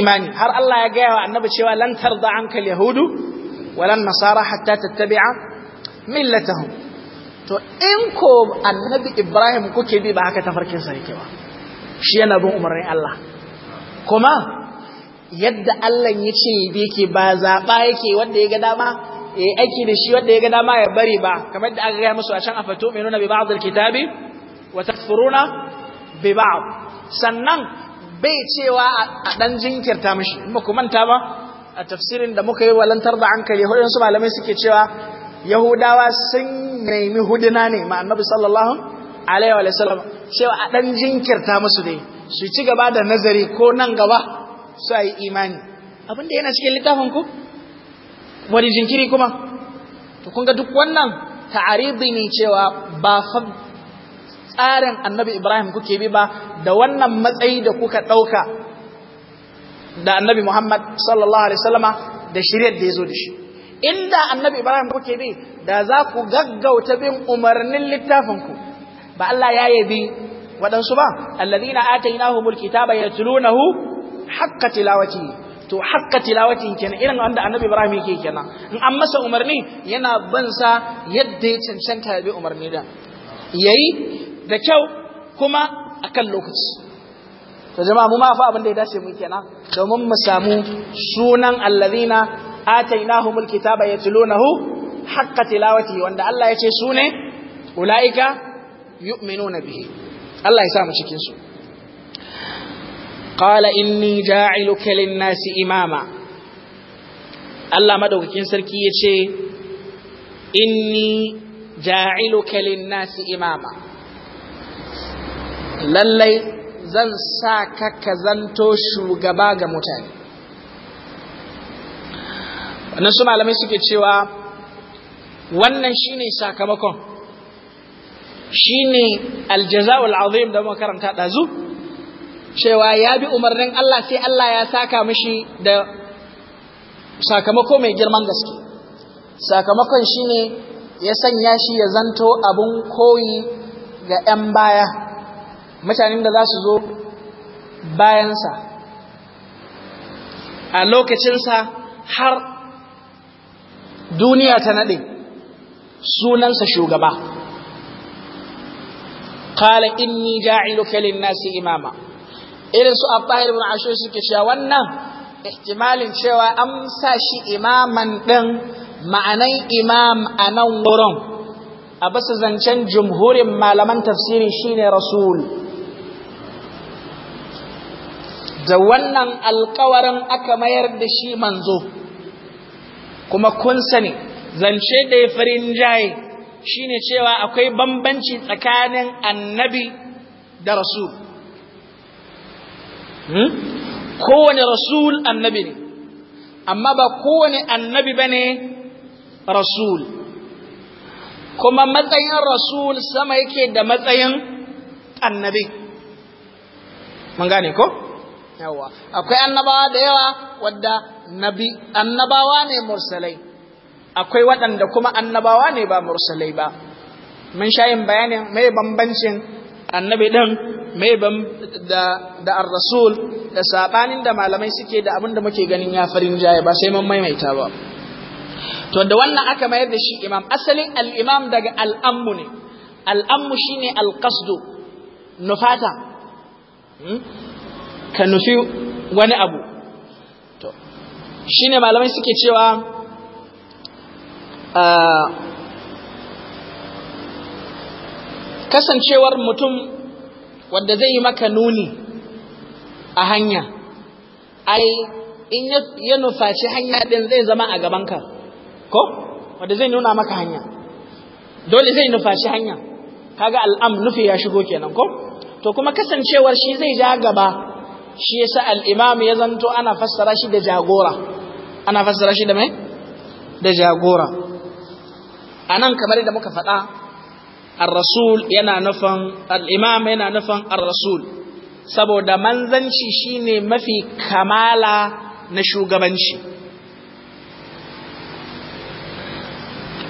imani har Allah ya gaya wa annabi cewa lan tarda anka yahudu walan nasara hatta tattabi'a millatahum to in ko annabi Ibrahim kuke bi ba haka tafarkin sa yake ba shi yana bin umarnin Allah kuma yadda Allah ya ce yake ba zaɓa yake wanda ya ga dama ya aiki da shi wanda ya ga dama ya bari ba kamar da aka gaya musu a can afato mai nuna bi ba'd alkitabi wa takfuruna bi ba'd sannan bai cewa a dan jinkirta mishi in ba ku manta ba a tafsirin da muka yi walantar da hankali hudun su malamai suke cewa yahudawa sun nemi hudina ne ma annabi sallallahu alaihi wa sallam cewa a dan jinkirta musu dai su ci gaba da nazari ko nan gaba su a yi imani abinda yana cikin littafin ku wani jinkiri kuma to ga duk wannan ta'aridi ne cewa ba fa tsarin annabi ibrahim kuke bi ba da wannan matsayi da kuka ɗauka da annabi muhammad sallallahu alaihi wasallama da shiryar da ya zo da shi inda annabi ibrahim kuke bi da za ku gaggauta bin umarnin ku, ba allah ya yabi waɗansu ba alladhina atainahumul kitaba yatlunahu Hakka tilawati to hakka tilawatin kenan irin wanda annabi ibrahim yake kenan in an masa umarni yana ban sa yadda ya cancanta bi umarni da yayi da kyau kuma akan lokaci to jama'a mu ma fa abin da ya dace mu kenan domin mu samu sunan allazina atainahumul kitaba yatlunahu hakka tilawati wanda Allah ya ce sune ulaika yu'minuna bihi Allah ya sa mu cikin su qala inni ja'iluka lin-nasi imama Allah madaukakin sarki yace inni ja'iluka lin-nasi imama lallai zan sa ka kazanto shugaba ga mutane wannan su malamai suke cewa wannan shine sakamakon shine aljaza'ul azim da muka karanta dazu cewa ya bi umarnin Allah sai Allah ya saka mishi da sakamako mai girman gaske sakamakon shine ya sanya shi ya zanto abun koyi ga 'yan baya mutanen da za su zo bayansa a lokacinsa har duniya ta naɗe sunansa shugaba قال إني جاعلك للناس Imama. irin su abbahir ashe ashur suke cewa wannan ihtimalin cewa an sa shi imaman din ma'anan imam a nan wurin a basu zancen jumhurin malaman tafsiri shine rasul da wannan alkawarin aka mayar da shi manzo kuma kun sani zance da ya farin jaye shine cewa akwai bambanci tsakanin annabi da rasul Hmm? kowane rasul annabi ne amma ba kowane annabi ba ne rasul kuma matsayin rasul sama yake da matsayin annabi mun gane ko yawa akwai annabawa da yawa wadda nabi annabawa ne mursalai akwai waɗanda kuma annabawa ne ba mursalai ba mun sha yin bayanin mai bambancin annabi dan mai da da ar-rasul da sabanin da malamai suke da abin da muke ganin ya farin jaye ba sai mun maimaita ba to da wannan aka mayar da shi imam asalin al-imam daga al-ammu ne al-ammu shine al-qasdu nufata hmm? ka nufi wani abu to shine malamai suke cewa ah, kasancewar mutum wanda zai yi maka nuni a hanya ai in ya nufaci hanya din zai zama a gabanka ko wanda zai nuna maka hanya dole zai nufaci hanya kaga al'am nufi ya shigo kenan ko to kuma kasancewar shi zai ja gaba shi yasa al-imam ya zanto ana fassara shi da jagora ana fassara shi da mai da jagora anan kamar da muka faɗa ar-rasul yana nufin al-imam yana nufin ar-rasul saboda manzanci shine mafi kamala na shugabanci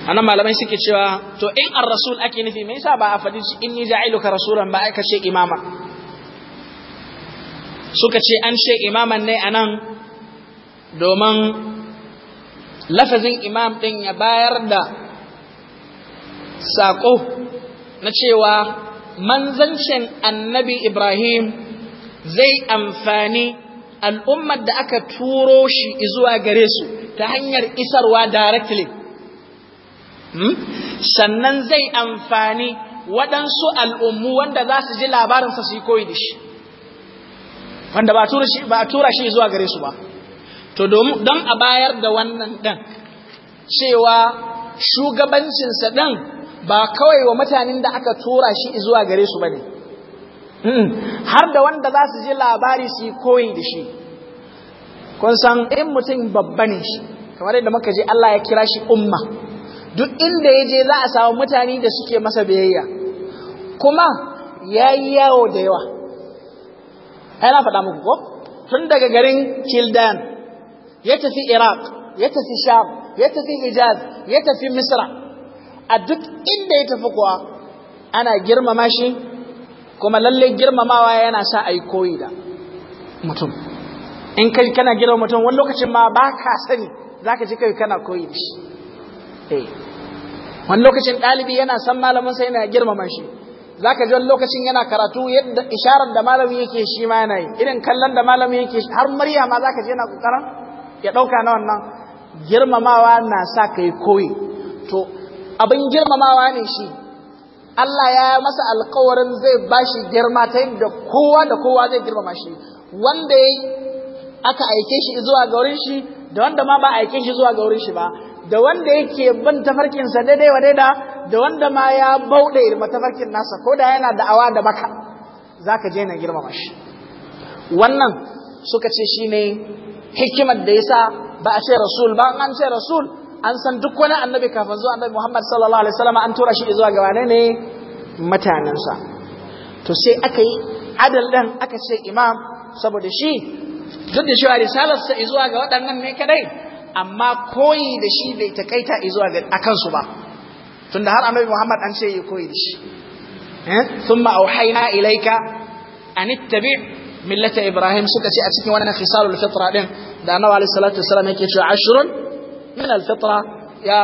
anan malamai suke cewa to in ar-rasul ake nufi me yasa ba a faɗi inni ja'iluka rasulan ba aka ce imama suka ce an ce imaman ne anan domin lafazin imam din ya bayar da saƙo na cewa manzancin annabi Ibrahim zai amfani al'ummar da aka turo shi zuwa gare su ta hanyar isarwa directly hmm? sannan zai amfani waɗansu al'ummu wanda za su ji labarinsa su yi koyi da shi wanda ba a tura shi zuwa gare su ba to don a bayar da wannan ɗan cewa shugabancinsa ɗan ba kawai wa mutanen da aka tura shi zuwa gare su bane hmm. har da wanda za su ji labari su yi koyi da shi kun san in mutum babba ne shi kamar yadda muka je Allah ya kira shi umma duk inda ya je za a samu mutane da suke masa biyayya kuma ya yi yawo da yawa ai na faɗa muku ko tun daga garin Kildan ya tafi Iraq ya tafi Sham ya tafi Hijaz ya tafi Misra a duk inda ya tafi kuwa ana girmama shi kuma lalle girmamawa yana sa a yi koyi da mutum in kai kana girma mutum wani lokacin ma ba ka sani za ka ji kai kana koyi da shi eh. wani lokacin ɗalibi yana san malaminsa yana girmama shi za ka ji wani lokacin yana karatu yadda isharar da malami yake shi ma yana yi irin kallon da malami yake har murya ma za ka ji yana ƙoƙarin ya ɗauka na wannan girmamawa na sa ka yi koyi to abin girmamawa ne shi Allah ya masa alkawarin zai bashi girma ta yadda kowa da kowa zai girmama shi wanda ya aka aike shi zuwa ga wurin shi da wanda ma ba aike shi zuwa ga wurin shi ba da wanda yake bin tafarkinsa daidai wa daida da wanda ma ya bauɗe irma tafarkin nasa ko da yana da'awa da baka za ka je na girmama shi wannan suka ce shi ne hikimar da yasa ba a ce rasul ba an ce rasul an san duk wani annabi kafin zuwa annabi Muhammad sallallahu alaihi wasallam an tura shi zuwa ga wane ne mutanensa to sai aka yi adal din aka ce imam saboda shi duk da shi sa zuwa ga waɗannan ne kadai amma koyi da shi bai takaita zuwa ga akan su ba tunda har annabi Muhammad an ce ya koyi da shi eh thumma auhayna ilayka an ittabi' millata ibrahim suka ce a cikin wannan khisalul fitra din da annabi sallallahu alaihi wasallam yake cewa ashrun min al-fitra ya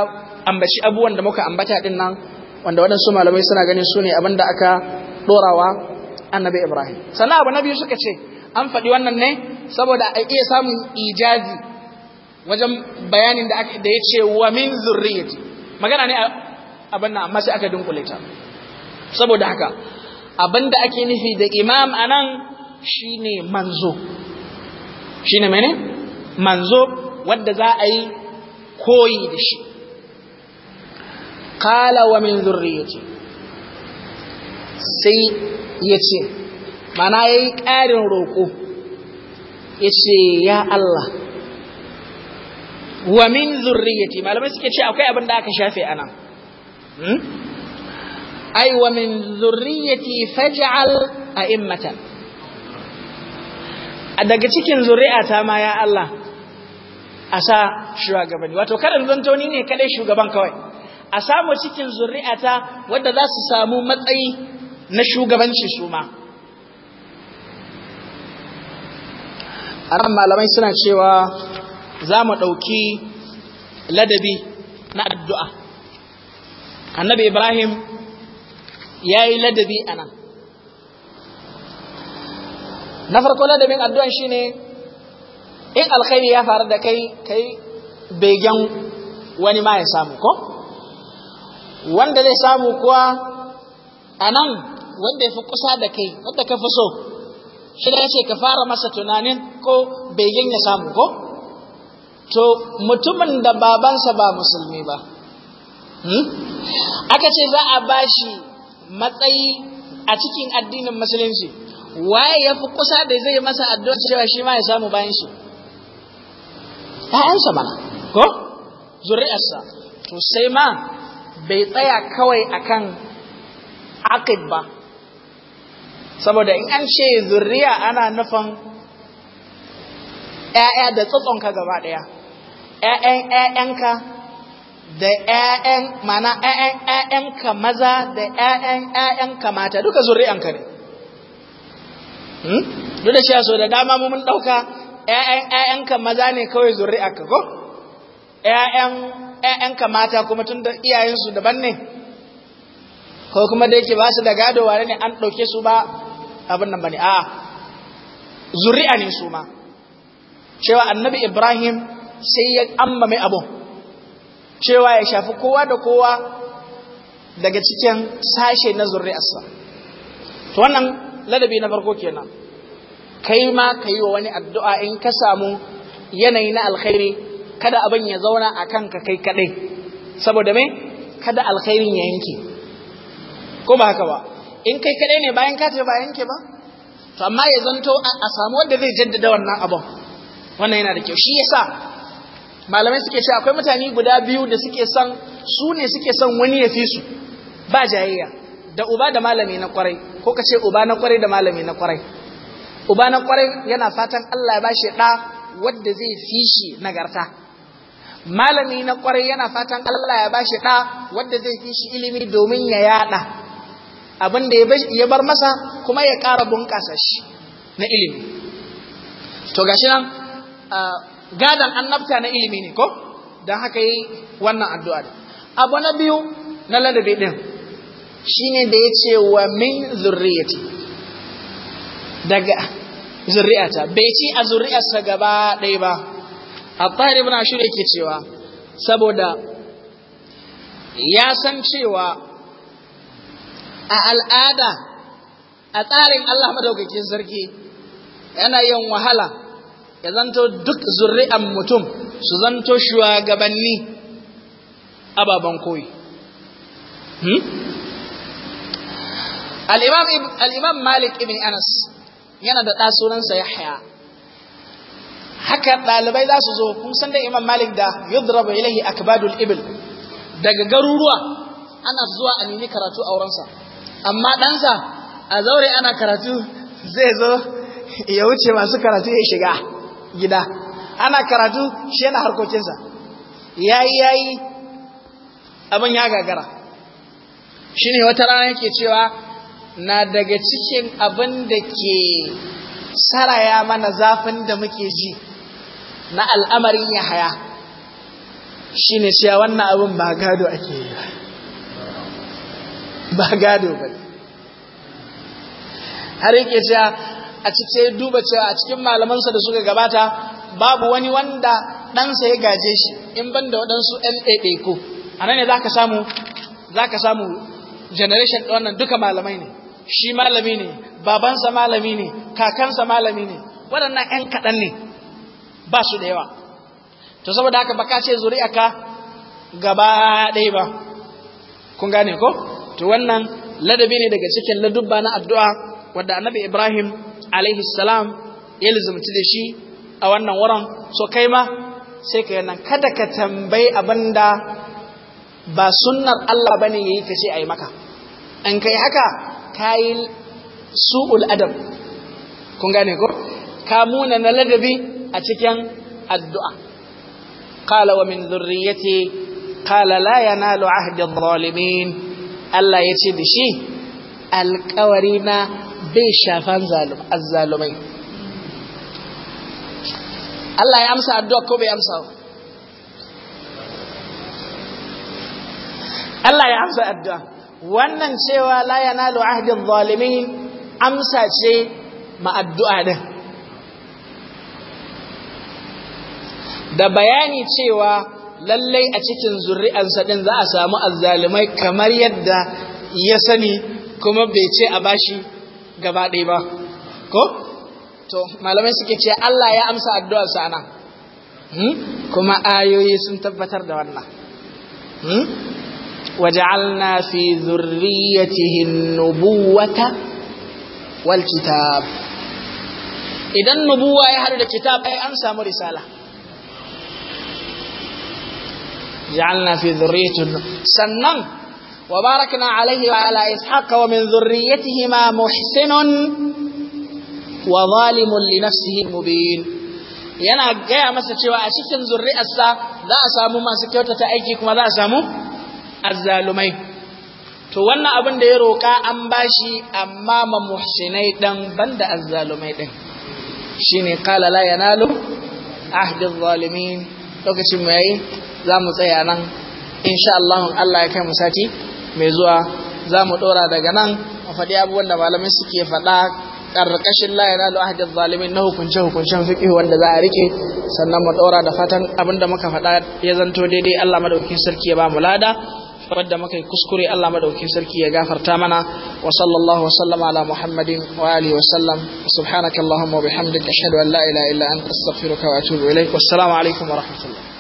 ambaci abubuwan da muka ambata din nan wanda waɗansu malamai suna ganin su ne abin da aka ɗorawa annabi ibrahim sannan abu na biyu suka ce an faɗi wannan ne saboda a iya samun ijazi wajen bayanin da aka da ya ce wa min zurriyati magana ne abin nan amma sai aka dunkule ta saboda haka abin da ake nufi da imam anan shine manzo shine mene manzo wanda za a yi koyi da shi qala wa min zurriyati sai yace mana yayi ƙarin roko yace ya Allah wa min zurriyati malamai suke ce akwai abin da aka shafe anan hmm? ai wa min zurriyati faj'al a'immatan daga cikin zuri'ata ma ya Allah a sa shugabanni wato kada zanto ne kadai shugaban kawai a samu cikin zuri'ata wadda za su samu matsayi na shugabanci su ma aran malamai suna cewa za mu ɗauki ladabi na addu'a annabi ibrahim ya yi ladabi a nan na farko ladabin addu'an shine in alkhairi ya faru da kai kai begen wani ma ya samu ko wanda zai samu kuwa a nan wanda ya fi kusa da kai wanda ka fi so shi da ce ka fara masa tunanin ko begen ya samu ko to mutumin da babansa ba musulmi ba hmm? aka ce za a bashi matsayi a cikin addinin musulunci waye ya fi kusa da zai masa addu'a cewa shi ma ya samu bayan shi ‘ya'yansa mana, ko? Zuri'arsa, to sai ma bai tsaya kawai akan aqid ba, saboda in an ce zuriya ana nufin ƴaƴa da tsotsonka gaba daya ƴaƴan ƴaƴanka da ƴaƴan mana ƴaƴan ƴaƴanka maza da ƴaƴan ƴaƴanka mata duka zuri'anka ne. Hmm? Duk da shi so da dama mun dauka. ‘ya'yan ‘ya'yanka maza ne kawai zuri'a ka ko? ‘ya'yanka mata kuma tun da iyayensu daban ne? Ko kuma da yake ba su da gado wane ne an ɗauke su ba abin nan ba ne, a'a, zuri'a ne su ma. Cewa annabi Ibrahim sai ya amma mai abu. cewa ya shafi kowa da kowa daga cikin sashe na zuri'arsa. To wannan ladabi na farko kenan. kai ma ka yi wa wani addu'a in ka samu yanayi na alkhairi kada abin ya zauna a kanka kai kaɗai saboda me kada alkhairin ya yanke ko ba haka ba in kai kaɗai ne bayan ka ba yanke ba to amma ya zanto a samu wanda zai jaddada wannan abin wannan yana da kyau shi yasa malamai suke ce akwai mutane guda biyu da suke son su ne suke son wani ya fi su ba jayayya da uba da malami na kwarai ko ka ce uba na kwarai da malami na kwarai uba na kwarai yana fatan Allah ya bashi ɗa wanda zai fi shi nagarta malami na kwarai yana fatan Allah ya bashi ɗa wadda zai fi shi ilimi domin ya yaɗa abin da ya bar masa kuma ya ƙara bunƙasa shi na ilimi to gashi nan gadan annabta na ilimi ne ko don haka yi wannan addu'a abu na biyu na ladabi ɗin shine da ya ce wa min zurriyati daga zuri'ata bai ci a zuri'arsa gaba ɗaya ba a fari muna shirya ke cewa saboda ya san cewa a al'ada a tsarin Allah madaukakin sarki yana yin wahala ya zanto duk zuri'an mutum su zanto shugabanni ababen koyi hmm? al'imam malik ibn anas yana da ɗa sunansa Yahya haka ɗalibai za su zo kun san da Imam Malik da yudrabu ilahi akbadul ibil daga garuruwa ana zuwa a nemi karatu a wurinsa amma ɗansa a zaure ana karatu zai zo ya wuce masu karatu ya shiga gida ana karatu shi yana harkokinsa yayi yayi abin ya gagara shine wata rana yake cewa na daga cikin abin da ke saraya mana zafin da muke ji na al'amarin yahaya shi ne cewa wannan abin ba gado ake yi ba gado ba har yake cewa a cikin duba cewa a cikin malamansa da suka gabata babu wani wanda ɗansa ya gaje shi in ban da waɗansu ɗan ko a nan ne za ka samu generation wannan duka malamai ne shi malami ne babansa malami ne kakansa malami ne waɗannan 'yan kaɗan ne ba su da yawa to saboda haka ba ka ce ka, gaba ɗaya ba kun gane ko to wannan ladabi ne daga cikin ladubba na addu'a wadda annabi ibrahim alaihi salam ya lizumci da shi a wannan wurin so kai ma sai ka nan kada ka tambayi abin da ba sunnar Allah ba ne ya yi ka ce yi maka in kai haka kayi su'ul adab kun gane ko ka muna na ladabi a cikin addu'a qala wa min dhurriyyati qala la yanalu ahdi adh-dhalimin Allah yace da shi alƙawarina bai shafan azzalumai Allah ya amsa addu'a ko bai amsa ba Allah ya amsa addu'a wannan cewa la yanalu ahdin zalimin amsa ce ma addu'a din da bayani cewa lallai a cikin zuri'ansa din za a samu azzalimai kamar yadda ya sani kuma bai ce a bashi gaba ɗaya ba ko to malamai suke ce Allah ya amsa addu'arsa anan hmm? kuma ayoyi sun tabbatar da wannan hmm? وجعلنا في ذريته النبوة والكتاب idan nubuwa ya haɗu da kitab ai an samu risala ja'alna fi dhurriyyatin sannan wa barakna alayhi wa ala ishaq wa min dhurriyyatihima muhsinun wa zalimun li nafsihi mubin yana gaya masa cewa a cikin zurri'arsa za a samu masu kyautata aiki kuma za a samu azzalumai to wannan abin da ya roƙa an bashi amma ma muhsinai dan banda azzalumai din shine qala la yanalu ahdi zalimin lokacin mu yayi za mu tsaya nan insha Allah Allah ya kai mu sati mai zuwa za mu dora daga nan mu faɗi abubuwan da malamai suke faɗa karkashin la yanalu ahdi zalimin na hukunce hukuncen fiqh wanda za a rike sannan mu dora da fatan abinda muka faɗa ya zanto daidai Allah madaukakin sarki ya ba mu lada wadda muka yi kuskure Allah madaukin sarki ya gafarta mana wa sallallahu wasallama ala muhammadin wa alihi wasallam subhanakallahumma wa bihamdika ashhadu an la ilaha illa anta astaghfiruka wa atubu ilaik wassalamu alaikum wa rahmatullah